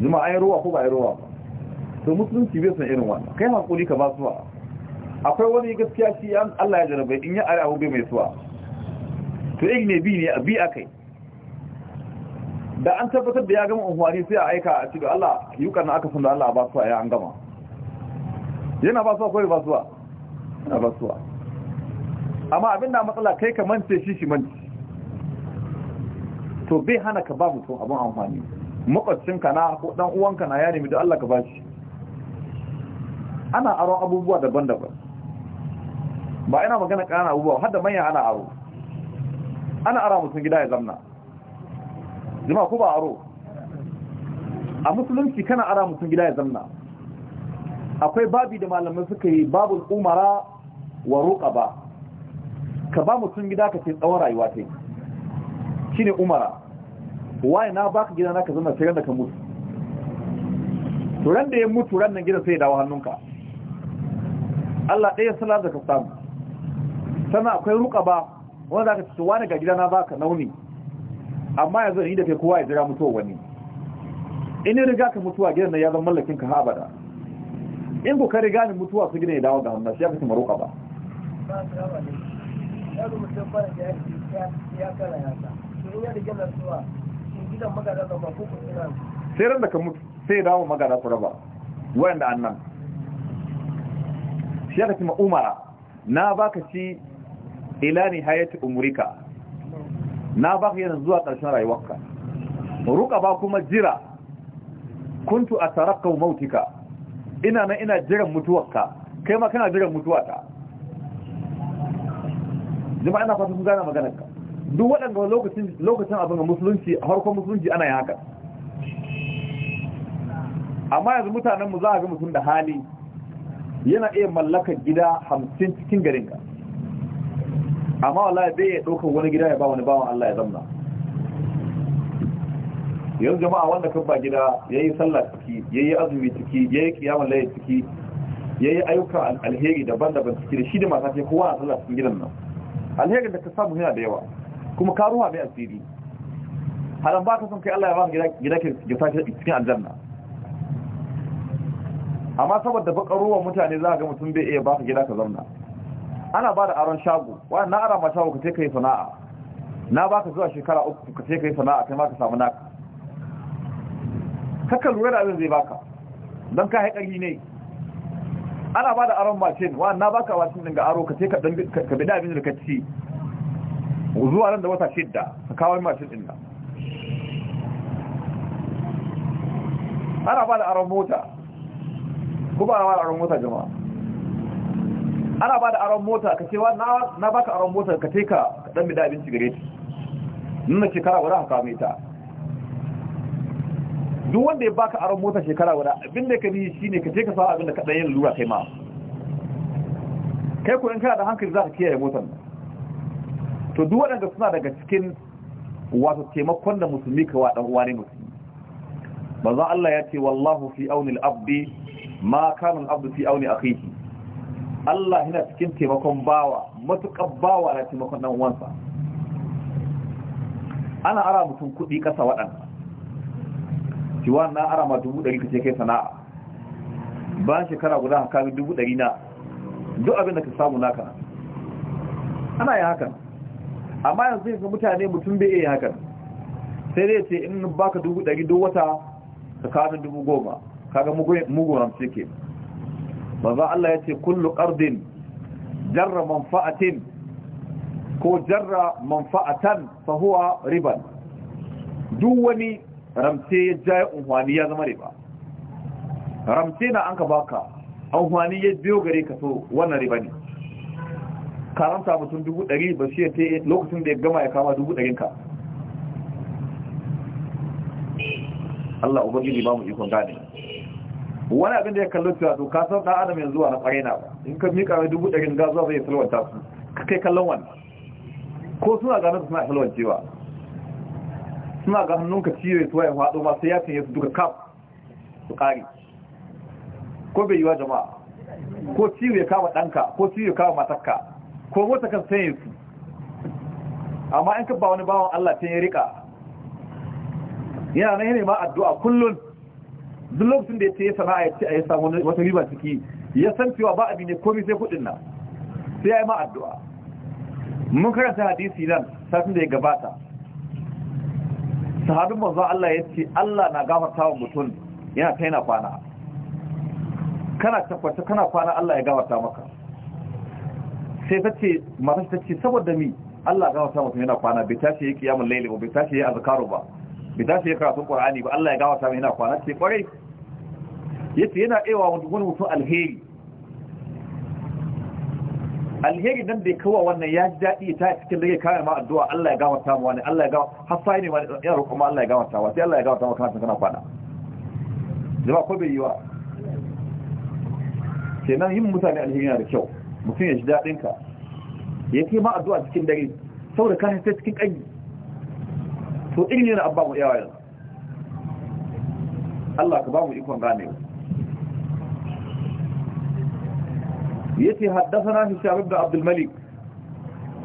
S1: zuma ai ruwa ko ba ruwa to to musulunci bai san irin wannan kai hakuri ka ba su ba akwai wani gaskiya shi an Allah ya jarabe in ya ari abu mai suwa to ne bi ne bi akai da an tabbatar da ya gama unhuwani sai a aika a cikin Allah yukar na aka sanda da Allah ba suwa ya an gama yana ba suwa kawai ba suwa yana ba suwa amma abin da matsala kai ka mance shi shi mance to bai hana ka ba mutum abin amfani makwacinka na ko dan uwanka na ya nemi da Allah ka ba shi ana aron abubuwa daban-daban ba ina magana kana abubuwa har da manya ana aro ana ara mutum gida ya zamna jima ku ba aro a musulunci kana ara mutum gida ya zamna akwai babi da malamai suka yi babul umara wa roƙa ba ka ba mutum gida ka ce tsawon rayuwa ta shi ne umara waye na baka gida na ka zama sai da ka mutu turan da ya mutu ran nan gida sai ya dawo hannunka Allah ɗaya salar da ka samu sannan akwai ruka ba wanda za ka ci wani ga gidana za ka nauni amma yanzu ni da ke kowa ya jira mutuwa wani in riga ka mutuwa gidan na ya zama mallakin ka da in ku ka riga ni mutuwa su gina ya dawo ga hannu shi ya fi maruka ba sai ran da ka mutu sai dawo magada su raba wayan da annan shi ya ka ci ma'umara na baka ci ila nihayati umrika na baka yana zuwa ƙarshen rayuwarka ruka ba kuma jira kuntu atarakka mautika ina nan ina jiran mutuwarka kai ma kana jiran mutuwata jama'a na fata sun gane maganarka duk waɗanda lokacin lokacin abin musulunci harkon musulunci ana yi haka amma yanzu mutanenmu za a ga mutum da hali yana iya mallakar gida hamsin cikin garinka amma wallahi bai ya ɗaukar wani gida ya ba wani bawan Allah ya zamna yanzu jama'a wanda kan ba gida ya yi sallah ciki ya yi azumi ciki ya yi kiyamun laye ciki ya yi ayyukan alheri daban-daban ciki da shi da mata ce kowa na sallah cikin gidan nan alherin da ka samu yana da yawa kuma ka ruwa mai asiri halan ba ka san kai Allah ya ba gida gida ke gita cikin aljanna amma saboda bakarowa mutane za ga mutum bai iya ba ka gida ka zauna ana ba da aron shago wa na ara ma shago ka ce kai sana'a na baka zuwa shekara uku ka ce kai sana'a kai ma ka samu naka kakka lura da abin zai baka don ka yi ne ana ba da aron mashin wa na baka wasu daga aro ka ce ka bi da abin da ka ci zuwa nan da wata shidda ka kawo mashin ɗin nan ana ba da aron mota ko ba da aron mota jama'a ana ba da aron mota ka cewa na baka aron mota ka teka ka dan bida abinci gare ta nuna shekara guda haka mai ta duk wanda ya baka aron mota shekara guda abinda da ka bi ne ka teka sa abin da ka dan yin lura kai ma kai ko in kana da hankali za ka kiyaye motar to duk waɗanda suna daga cikin wato taimakon da musulmi ka wa dan uwa ne musulmi manzo Allah ya ce wallahu fi auni al-abdi ma kana al-abdu fi auni akhihi Allah yana cikin taimakon bawa matuƙar bawa a taimakon ɗan uwansa ana ara mutum kuɗi ƙasa waɗanda ciwa na ara ma dubu ɗari kace kai sana'a bayan shekara guda haka kami dubu ɗari na duk abin da ka samu naka na ana yi hakan amma yanzu yanzu mutane mutum bai iya hakan sai dai ce in baka dubu ɗari duk wata ka kawo dubu goma kaga mugunan ramsu ke maza Allah ya ce kullu ƙardin jarra manfa'atin ko jarra manfa'atan sahuwa riban duk wani ramce ya jaye unhwani ya zama riba ramce na an ka baka unhwani ya biyo gare ka so wannan riba ne karanta mutum dubu ɗari ba shi ya lokacin da ya gama ya kama dubu ɗarinka Allah ubangiji ba mu ikon gane wani abin da ya kallon cewa to ka san dan adam yanzu a tsare na in ka mika mai dubu ɗari ga zuwa zai salwanta su ka kai kallon wani. ko suna su suna salwancewa suna ga hannunka ciye su ya faɗo ma sai ya su duka kaf su ƙari ko bai yiwa jama'a ko ciwo ya kama ɗanka ko ciwo ya kama matakka ko mota kan sanya su amma in ka ba wani bawan Allah ta ya riƙa. yana na yi ma addu'a kullum duk lokacin da ya ce ya sana'a ya ce a ya samu wata riba ciki ya san cewa ba abin ne komai sai kudin nan sai ya yi ma addu'a mun karanta hadisi nan satin da ya gabata sahabin manzo Allah ya ce Allah na gafarta wa mutum yana ta yana kwana kana tabbata kana kwana Allah ya gafarta maka sai ta ce mata ta ce saboda mi Allah gafarta mutum yana kwana bai tashi ya kiyamun laili ba bai tashi ya azkaru ba bai shi ya karatun qur'ani ba Allah ya gawa sami yana kwana ce kwarai yace yana aiwa wani mutum alheri alheri nan da ya kawo wannan ya ji daɗi ta cikin rage kayan ma addu'a Allah ya gawa samu wani Allah ya gawa hasa ne ma ya roƙo ma Allah ya gawa samu sai Allah ya gawa samu kana kana kwana jama'a ko bai yi wa kenan yin mutane alheri yana da kyau mutum ya ji daɗinka. ka ya ce ma addu'a cikin dare saboda ka sai cikin ƙanyi to irin yana abba mu yawa yanzu Allah ka ba mu ikon ganewa yace haddathana Hisham ibn Abdul Malik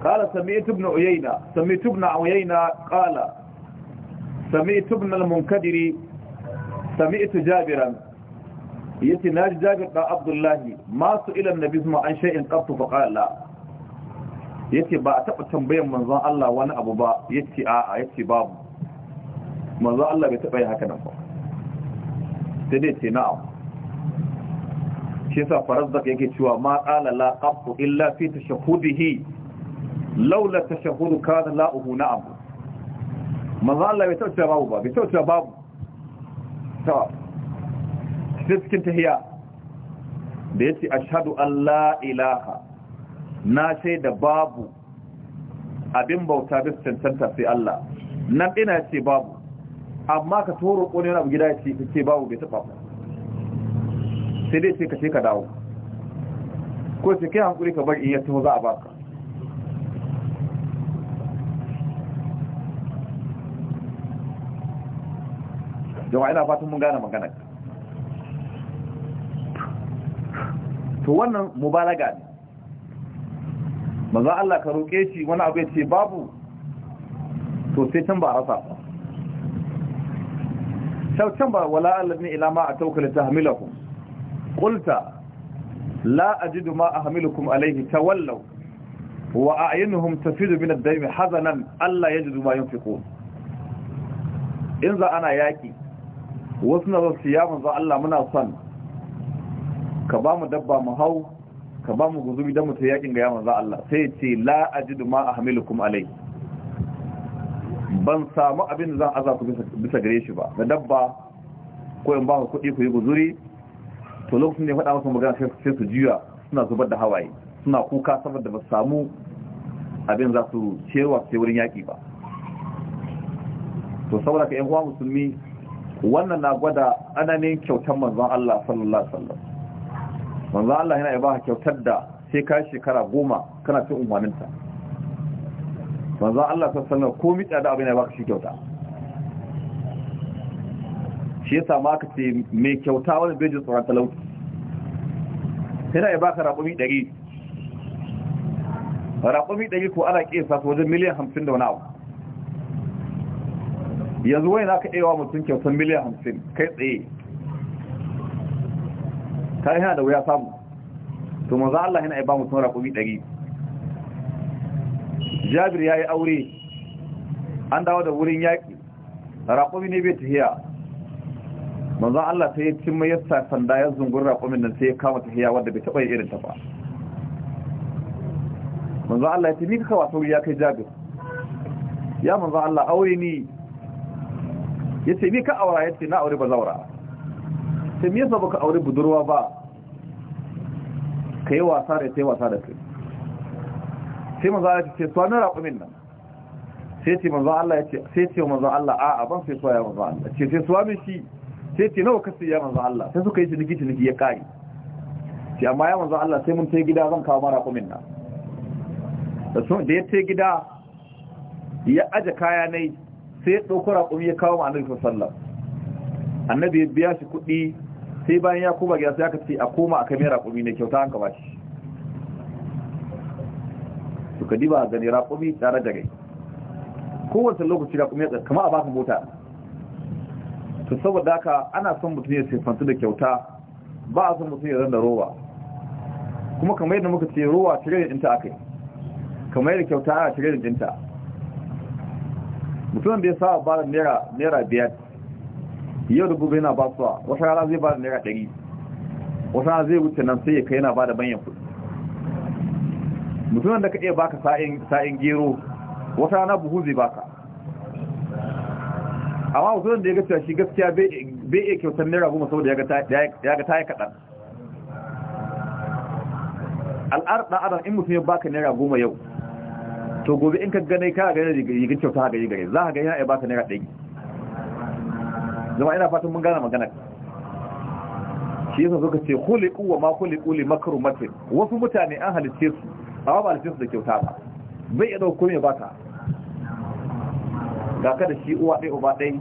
S1: قال سمعت ابن عيينة سمعت ابن عيينة قال سمعت ابن المنكدر سمعت جابرا يتناج جابر بن عبد الله ما سئل النبي صلى عن شيء قط فقال لا yace ba a taba tambayan manzon Allah wani abu ba yace a'a yace babu manzo Allah bai taɓa yi haka nan ba sai dai ce na'am shi yasa farazdaq yake cewa ma qala la qabtu illa fi tashahudihi laula tashahudu kana la'uhu na'am manzo Allah bai taɓa babu ba bai taɓa babu ta sai cikin tahiyya da yace ashhadu an la ilaha na shaida babu abin bauta bis cancanta sai Allah nan ina ce babu amma ka toro ko ne na gida ya ce kake babu bai taba sai dai ce ka ce ka dawo ko ce kai hankuri ka bari in ya taho za a baka jama'a ina fatan mun gane magana to wannan mubalaga ne manzo Allah ka roke shi wani abu ya ce babu to sai can ba rasa ba sautan ba wala allazina ila ma atawka litahmilakum qulta la ajidu ma ahmilukum alayhi tawallaw wa a'yunuhum tafidu min ad-daymi hazanan alla yajidu ma yunfiqun in za ana yaki wasu na zasu za Allah muna son ka bamu dabba mu hau ka bamu guzumi don mu ta yakin ga yaman za Allah sai ce la ajidu ma ahmilukum alayhi ban samu abin da zan aza ku bisa gare shi ba da dabba ko in ba ku kuɗi ku yi guzuri to lokacin da ya faɗa masa magana sai su juya suna zubar da hawaye suna kuka saboda ba samu abin za su cewa sai wurin yaƙi ba to saboda ka uwa musulmi wannan na gwada ananin kyautar manzon Allah sallallahu alaihi wasallam manzon Allah yana ba kyautar da sai ka shekara goma kana cin umarninta manzo Allah sassanar ko mitsa da abin da baka shi kyauta shi yasa ma aka ce mai kyauta wani bejin tsoron talauci yana ya baka raƙumi ɗari raƙumi ɗari ko ana ƙesa su wajen miliyan hamsin da wani abu yanzu wani na ka ɗewa mutum kyautar miliyan hamsin kai tsaye ta yana da wuya samu to maza Allah yana ya ba mutum raƙumi ɗari jabir ya yi aure an dawo da wurin yaƙi raƙumi ne bai tafiya manzan Allah ta yi cimma ya sanda ya zungun raƙumin nan sai ya kama tafiya wadda bai taɓa yi irin ta ba manzan Allah ya tafi kawa sauri ya kai jabir ya manzan Allah aure ni ya ce ni ka aura ya ce na aure ba zaura sai me yasa baka aure budurwa ba ka yi wasa da ta yi wasa da kai sai manzo Allah ya ce to na raƙumin nan sai ce manzo Allah ya ce sai ce manzo Allah a ban sai ya manzo Allah ce sai suwa min shi sai ce nawa kasu ya manzo Allah sai suka yi shi ciniki ciniki ya kare sai amma ya manzo Allah sai mun tai gida zan kawo mara kumin nan da sun da ya tai gida ya aje kaya nai sai ya dauko raƙumi ya kawo annabi sallallahu alaihi wasallam annabi ya biya shi kuɗi sai bayan ya koma gida sai aka ce a koma a kamera kuɗi ne kyauta an ka bashi ka diba gani raƙumi tare da rai kowace lokaci raƙumi ya kama a baka mota to saboda haka ana son mutum ya sifantu da kyauta ba a son mutum ya zanda rowa kuma kamar yadda muka ce rowa cire da ɗinta aka yi kamar yadda kyauta ana cire da ɗinta mutumin da ya sa ba da naira biyar yau da gobe yana ba suwa wata rana zai ba da naira ɗari wata rana zai wuce nan sai ya kai yana ba da banyan kuɗi mutumin da ka iya baka sa'in gero wata rana buhu zai baka amma mutumin da ya gaskiya shi gaskiya bai iya kyautar naira goma saboda ya ga ta yi kaɗan al'arɗa adam in mutum ya baka naira goma yau to gobe in ka gane ka gane rigin kyauta ha gari gare za ka gani ya baka naira ɗari zama ina fatan mun gane magana shi yasa ka ce kuli kuwa ma kuli makaru makrumatin wasu mutane an halice su amma ba alfis da kyauta ba bai iya dauko mai baka ga ka da shi uwa ɗai uba ɗai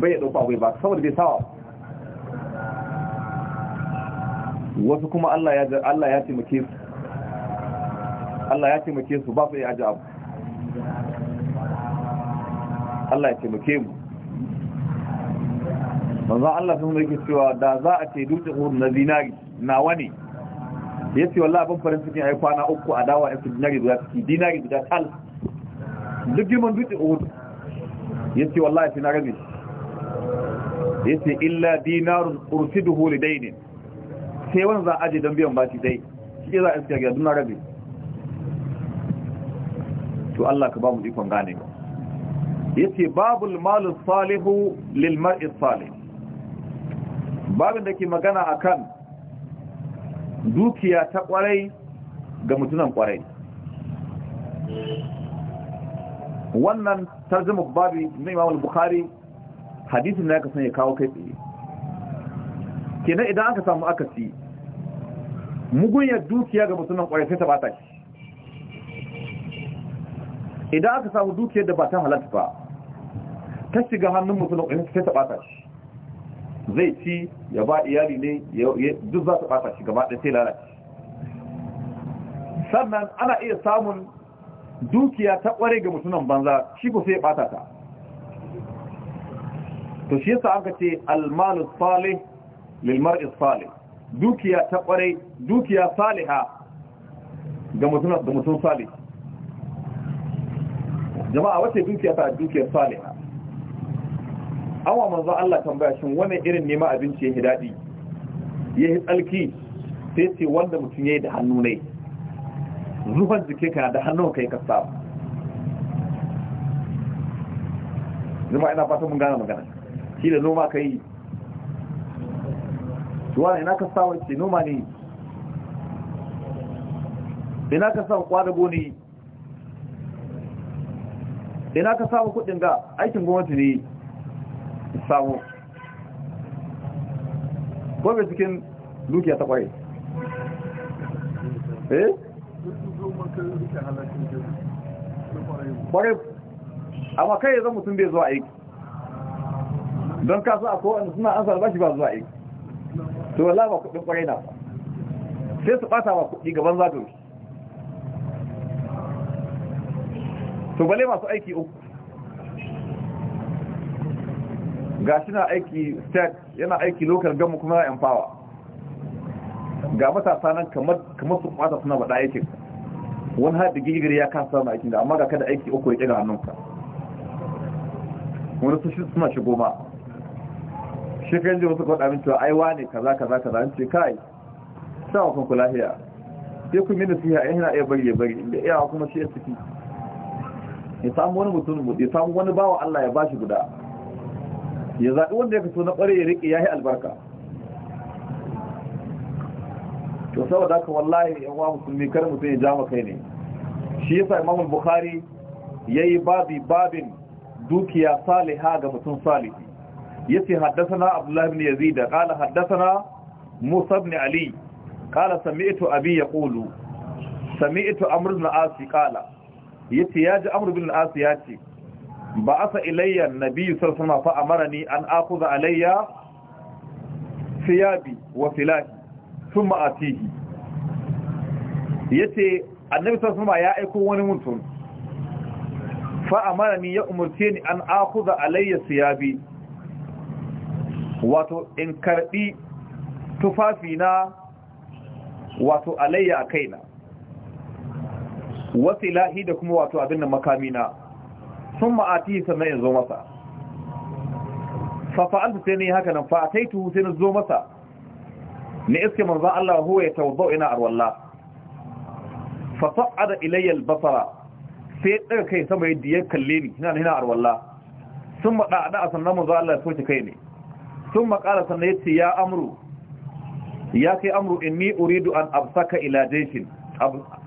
S1: bai iya dauko abai ba saboda bai sawa wasu kuma Allah ya taimake su Allah ya taimake su ba su yi ajiyar abu Allah ya taimake mu wanzan Allah sun yake cewa da za a ce dutse wurin na zinari na wani. da ce wallahi abin farin cikin ai kwana uku a dawa yace dinari guda ciki dinari guda tal duk girman dutse uhud yace wallahi fi na rabi yace illa dinarun ursiduhu li dainin sai wannan za aje don biyan bashi dai shi za a iska ga dunar rabi to Allah ka ba mu ikon gane ba yace babul malus salihu lil mar'i salih babin da ke magana akan dukiya ta kwarai ga mutunan kwarai wannan tarjuma babi na imam al-bukhari hadisin da aka sanya kawo kai tsaye kenan idan aka samu akasi mugunyar dukiya ga mutunan kwarai sai ta bata shi idan aka samu dukiyar da ba ta halatta ba ta shiga hannun mutunan kwarai sai ta bata shi zai ci ya ba iyali ne duk za su ɓata shi gaba ɗaya sai lalace sannan ana iya samun dukiya ta ƙware ga mutunan banza shi ko sai ya ɓata ta to shi yasa aka ce almalu salih lilmar mar'i dukiya ta ƙware dukiya saliha ga mutum da salih jama'a wace dukiya ta dukiyar saliha awa manzo Allah tambaya shin wane irin nema abinci ya hidadi ya yi tsalki sai ce wanda mutum ya yi da hannu ne zuwan jike ka da hannun kai ka sa? Zuma ina fata mun gane magana shi da noma ka yi tuwa ina ka sawa ce noma ne ina ka sawa kwadago ne ina ka sawa kudin ga aikin gwamnati ne sawo ko bai cikin dukiya ta kwaye eh kwarai amma kai ya zan mutum bai zuwa aiki don kasu a kowane suna an salbashi ba zuwa aiki to wala ba kudin kwarai na ba sai su fata ba kudi gaban zato to bale masu aiki uku ga shi na aiki state yana aiki local gamu kuma yana empower ga matasa nan kamar su kwata suna bada aikin wani har da gigiri ya kasa samun aikin da amma ga kada aiki uku ya ƙi hannunka wani su suna shigo ma shekaru jiwa suka faɗa min cewa aiwa ne kaza kaza kaza an ce kai sa wa kanku lahiya sai ku mini siya in yana iya bari ya bari inda iyawa kuma shi ya ciki ya samu wani mutum ya samu wani bawa Allah ya bashi guda ya zaɓi wanda ya fito na ɓare ya riƙe ya yi albarka to saboda haka wallahi yan wa musulmi kar mutum ya ja maka ne shi ya yasa imam bukhari yi babi babin dukiya saliha ga mutum salihi yace haddathana abdullah ibn yazid haddasa na musa ibn ali qala sami'tu abi yaqulu sami'tu amr ƙala ya ce ya yaji amr ibn ya yace ba asa ilayya nabi sarsuna fa amarani an akuza alayya siyabi wa filahi sun ma'atihi ya ce annabi sarsuna ya aiko wani mutum fa amarani ya umarce ni an akuza alayya siyabi wato in karbi tufafina wato alayya a kaina wasu ilahi da kuma wato abin da makamina sun ma'ati sannan in zo masa fafa'altu sai ne haka nan fa'ataitu sai na zo masa ni iske manzan Allah huwa ya tawbau ina arwalla fasa'ada ilayya albasara sai daga kai sama yadda ya kalle ni ina ina arwalla sun maɗaɗa sannan manzan Allah ya soke kai ne sun maƙala sannan ya ce ya amru ya kai amru inni uridu an absaka ila jeshin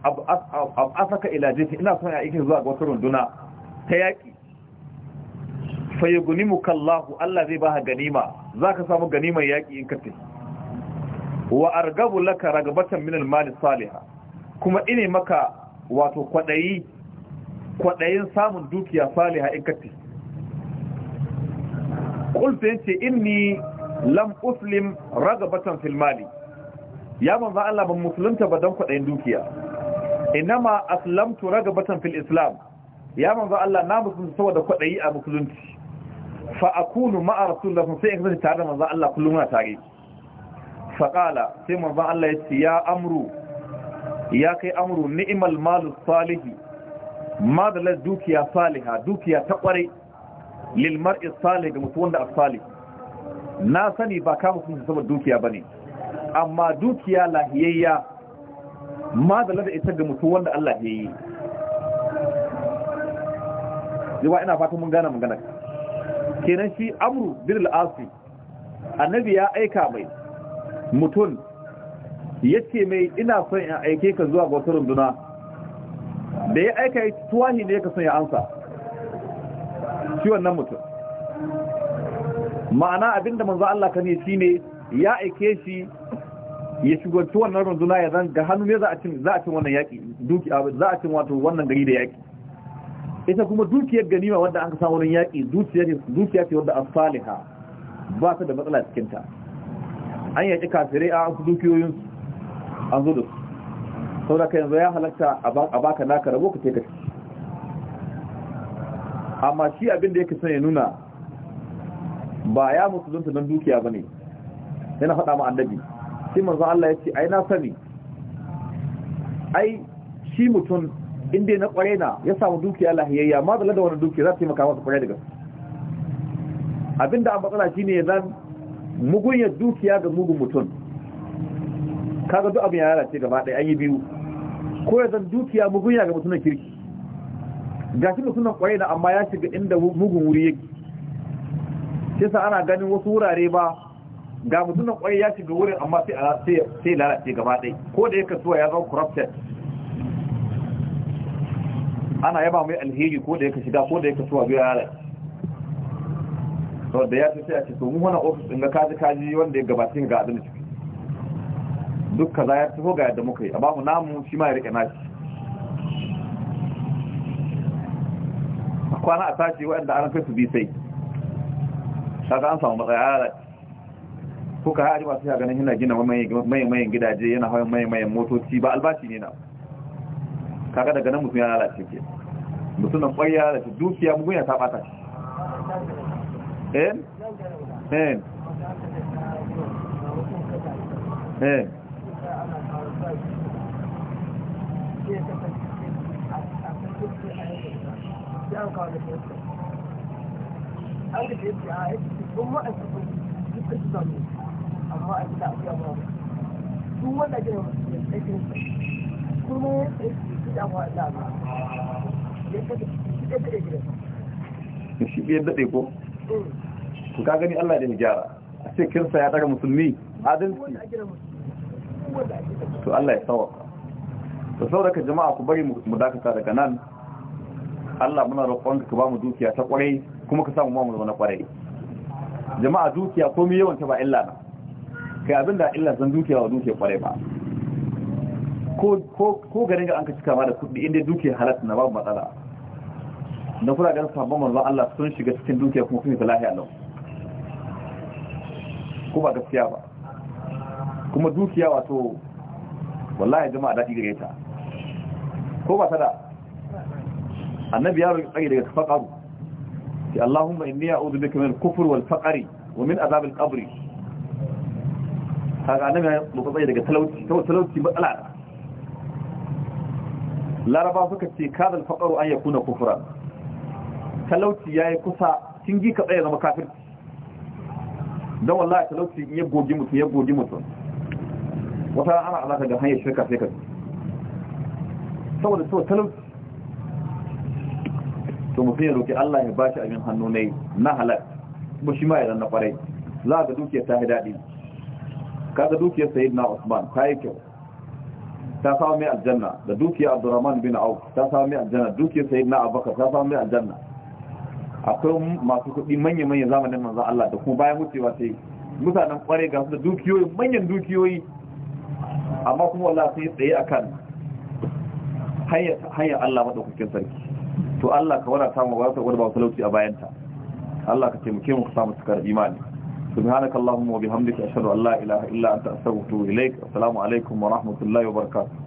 S1: abasaka ila ina son ya ikin zuwa ga wata runduna ta yaƙi faye gunimu kallahu Allah zai ba ha ganima za ka samu ganimar yaƙi in kafe wa argabu laka ragabatan minal mali saliha kuma ine maka wato kwaɗayi kwaɗayin samun dukiya saliha in kafe ƙulta yace inni lam uslim ragabatan fil mali ya manzan Allah ban musulunta ba don kwaɗayin dukiya inama aslamtu ragabatan fil islam ya manzo Allah na musu saboda kwaɗayi a musulunci fa akunu ma'a rasulullah sun sai in tare da manzo Allah kullum na tare fa qala sai manzo Allah ya ce ya amru ya kai amru ni'mal malu da madalar dukiya saliha dukiya ta kware lil mar'i salih ga wanda salih na sani ba ka musu saboda dukiya bane amma dukiya lahiyayya ma da ita ga mutu wanda Allah ya yi yawa ina fatan mun gane magana kenan shi amru bil al-asi annabi ya aika mai mutum yace mai ina son in aike ka zuwa ga wata runduna da ya aika yi tuwahi ne ka son ya ansa shi wannan mutum ma'ana abinda manzo Allah ka ne shine ya aike shi ya tuwan wannan runduna ya zan ga hannu ne za a cin wannan yaki duki za a cin wato wannan gari da yaki ita kuma dukiyar ganima wanda aka samu wurin yaƙi dukiya ce wanda asaliha ba ta da matsala cikinta an yaƙi kafirai a an su dukiyoyin an zo da su sau da ka yanzu ya halatta a baka naka rabo ka teka ciki amma shi abinda yake son ya nuna ba ya zunta don dukiya ba ne yana faɗa ma annabi sai manzan Allah ya ce ai na sani ai shi mutum in dai na kware na ya samu dukiya lahiyayya ma da wani dukiya za yi taimaka masu kware daga abinda an shi ne zan mugun ya dukiya ga mugun mutum kaga duk abin ya lalace gaba ɗaya an yi biyu ko ya zan dukiya mugun ya ga mutumin kirki ga shi mutumin kware na amma ya shiga inda mugun wuri yake sai sa ana ganin wasu wurare ba ga mutumin kware ya shiga wurin amma sai lalace gaba ɗaya ko da ya kasuwa ya zama corrupted ana yaba mai alheri ko da yake shiga ko da yake biyu biya yara da ya ce sai a ce to wani ofis ɗin ga kaji kaji wanda ya gabatin ga abin da ciki duk kaza ya taho ga yadda muka yi a ba mu namu shi ma ya rike nashi kwana a tashi waɗanda an kai su bi sai kaga an samu matsaya yara ko ka haji masu ya ganin yana gina mayan gidaje yana hawan mayan motoci ba albashi ne na kaga daga nan mutum ya lalace ke mutumin ƙwai ya lalace dukiya mugun ya taɓata shi en
S2: en a gida a kuma ya
S1: shi biyan daɗe ko? ku ka gani Allah da mu gyara a ce kirsa ya ɗaga musulmi adalci to Allah ya sawaka da sauraka jama'a ku bari mu dakata daga nan Allah muna roƙonka ka ba mu dukiya ta ƙwarai kuma ka samu mamu na ƙwarai jama'a dukiya komai yawan ba illa na kai abinda illa zan dukiya wa dukiya ƙwarai ba ko garin ga an ka cika ma da kuɗi inda duke halatta na babu matsala na kuna ga sabon manzon Allah sun shiga cikin dukiya kuma kuma lahiya lau ko ba gaskiya ba kuma dukiya wato wallahi jama'a daɗi gare ta ko ba ta da annabi ya roƙi tsari daga faƙaru ki Allahumma inni a'udhu bika min al-kufr wal faqr wa min adhab al-qabr kaga annabi ya roƙi tsari daga talauci talauci matsala laraba suka ce kada alfaqaru an yakuna kuna talauci ya yi kusa kin ji ka tsaya zama kafirci don wallahi talauci in ya gogi mutum ya gogi mutum wata ana alaƙa ga hanyar shirka sai ka saboda to talauci to mu ya roki Allah ya bashi abin hannu ne na halal ba shi ma ya na kwarai za ga dukiyar ta yi daɗi ka ga dukiyar sayid na usman ta yi kyau ta samu mai aljanna da dukiya abdurrahman bin auf ta samu mai aljanna dukiya sayyidina abubakar ta samu mai aljanna akwai masu kuɗi manya-manya zamanin manzon Allah da kuma bayan mutuwa sai mutanen kware ga su da dukiyoyi manyan dukiyoyi amma kuma wala sai tsaye akan hayya Allah maɗaukakin sarki to Allah ka wara samu wata wadda ba talauci a bayanta Allah ka taimake mu ka samu su karbi imani subhanakallahumma wa bihamdika ashhadu an la ilaha illa anta assalamu alaikum wa rahmatullahi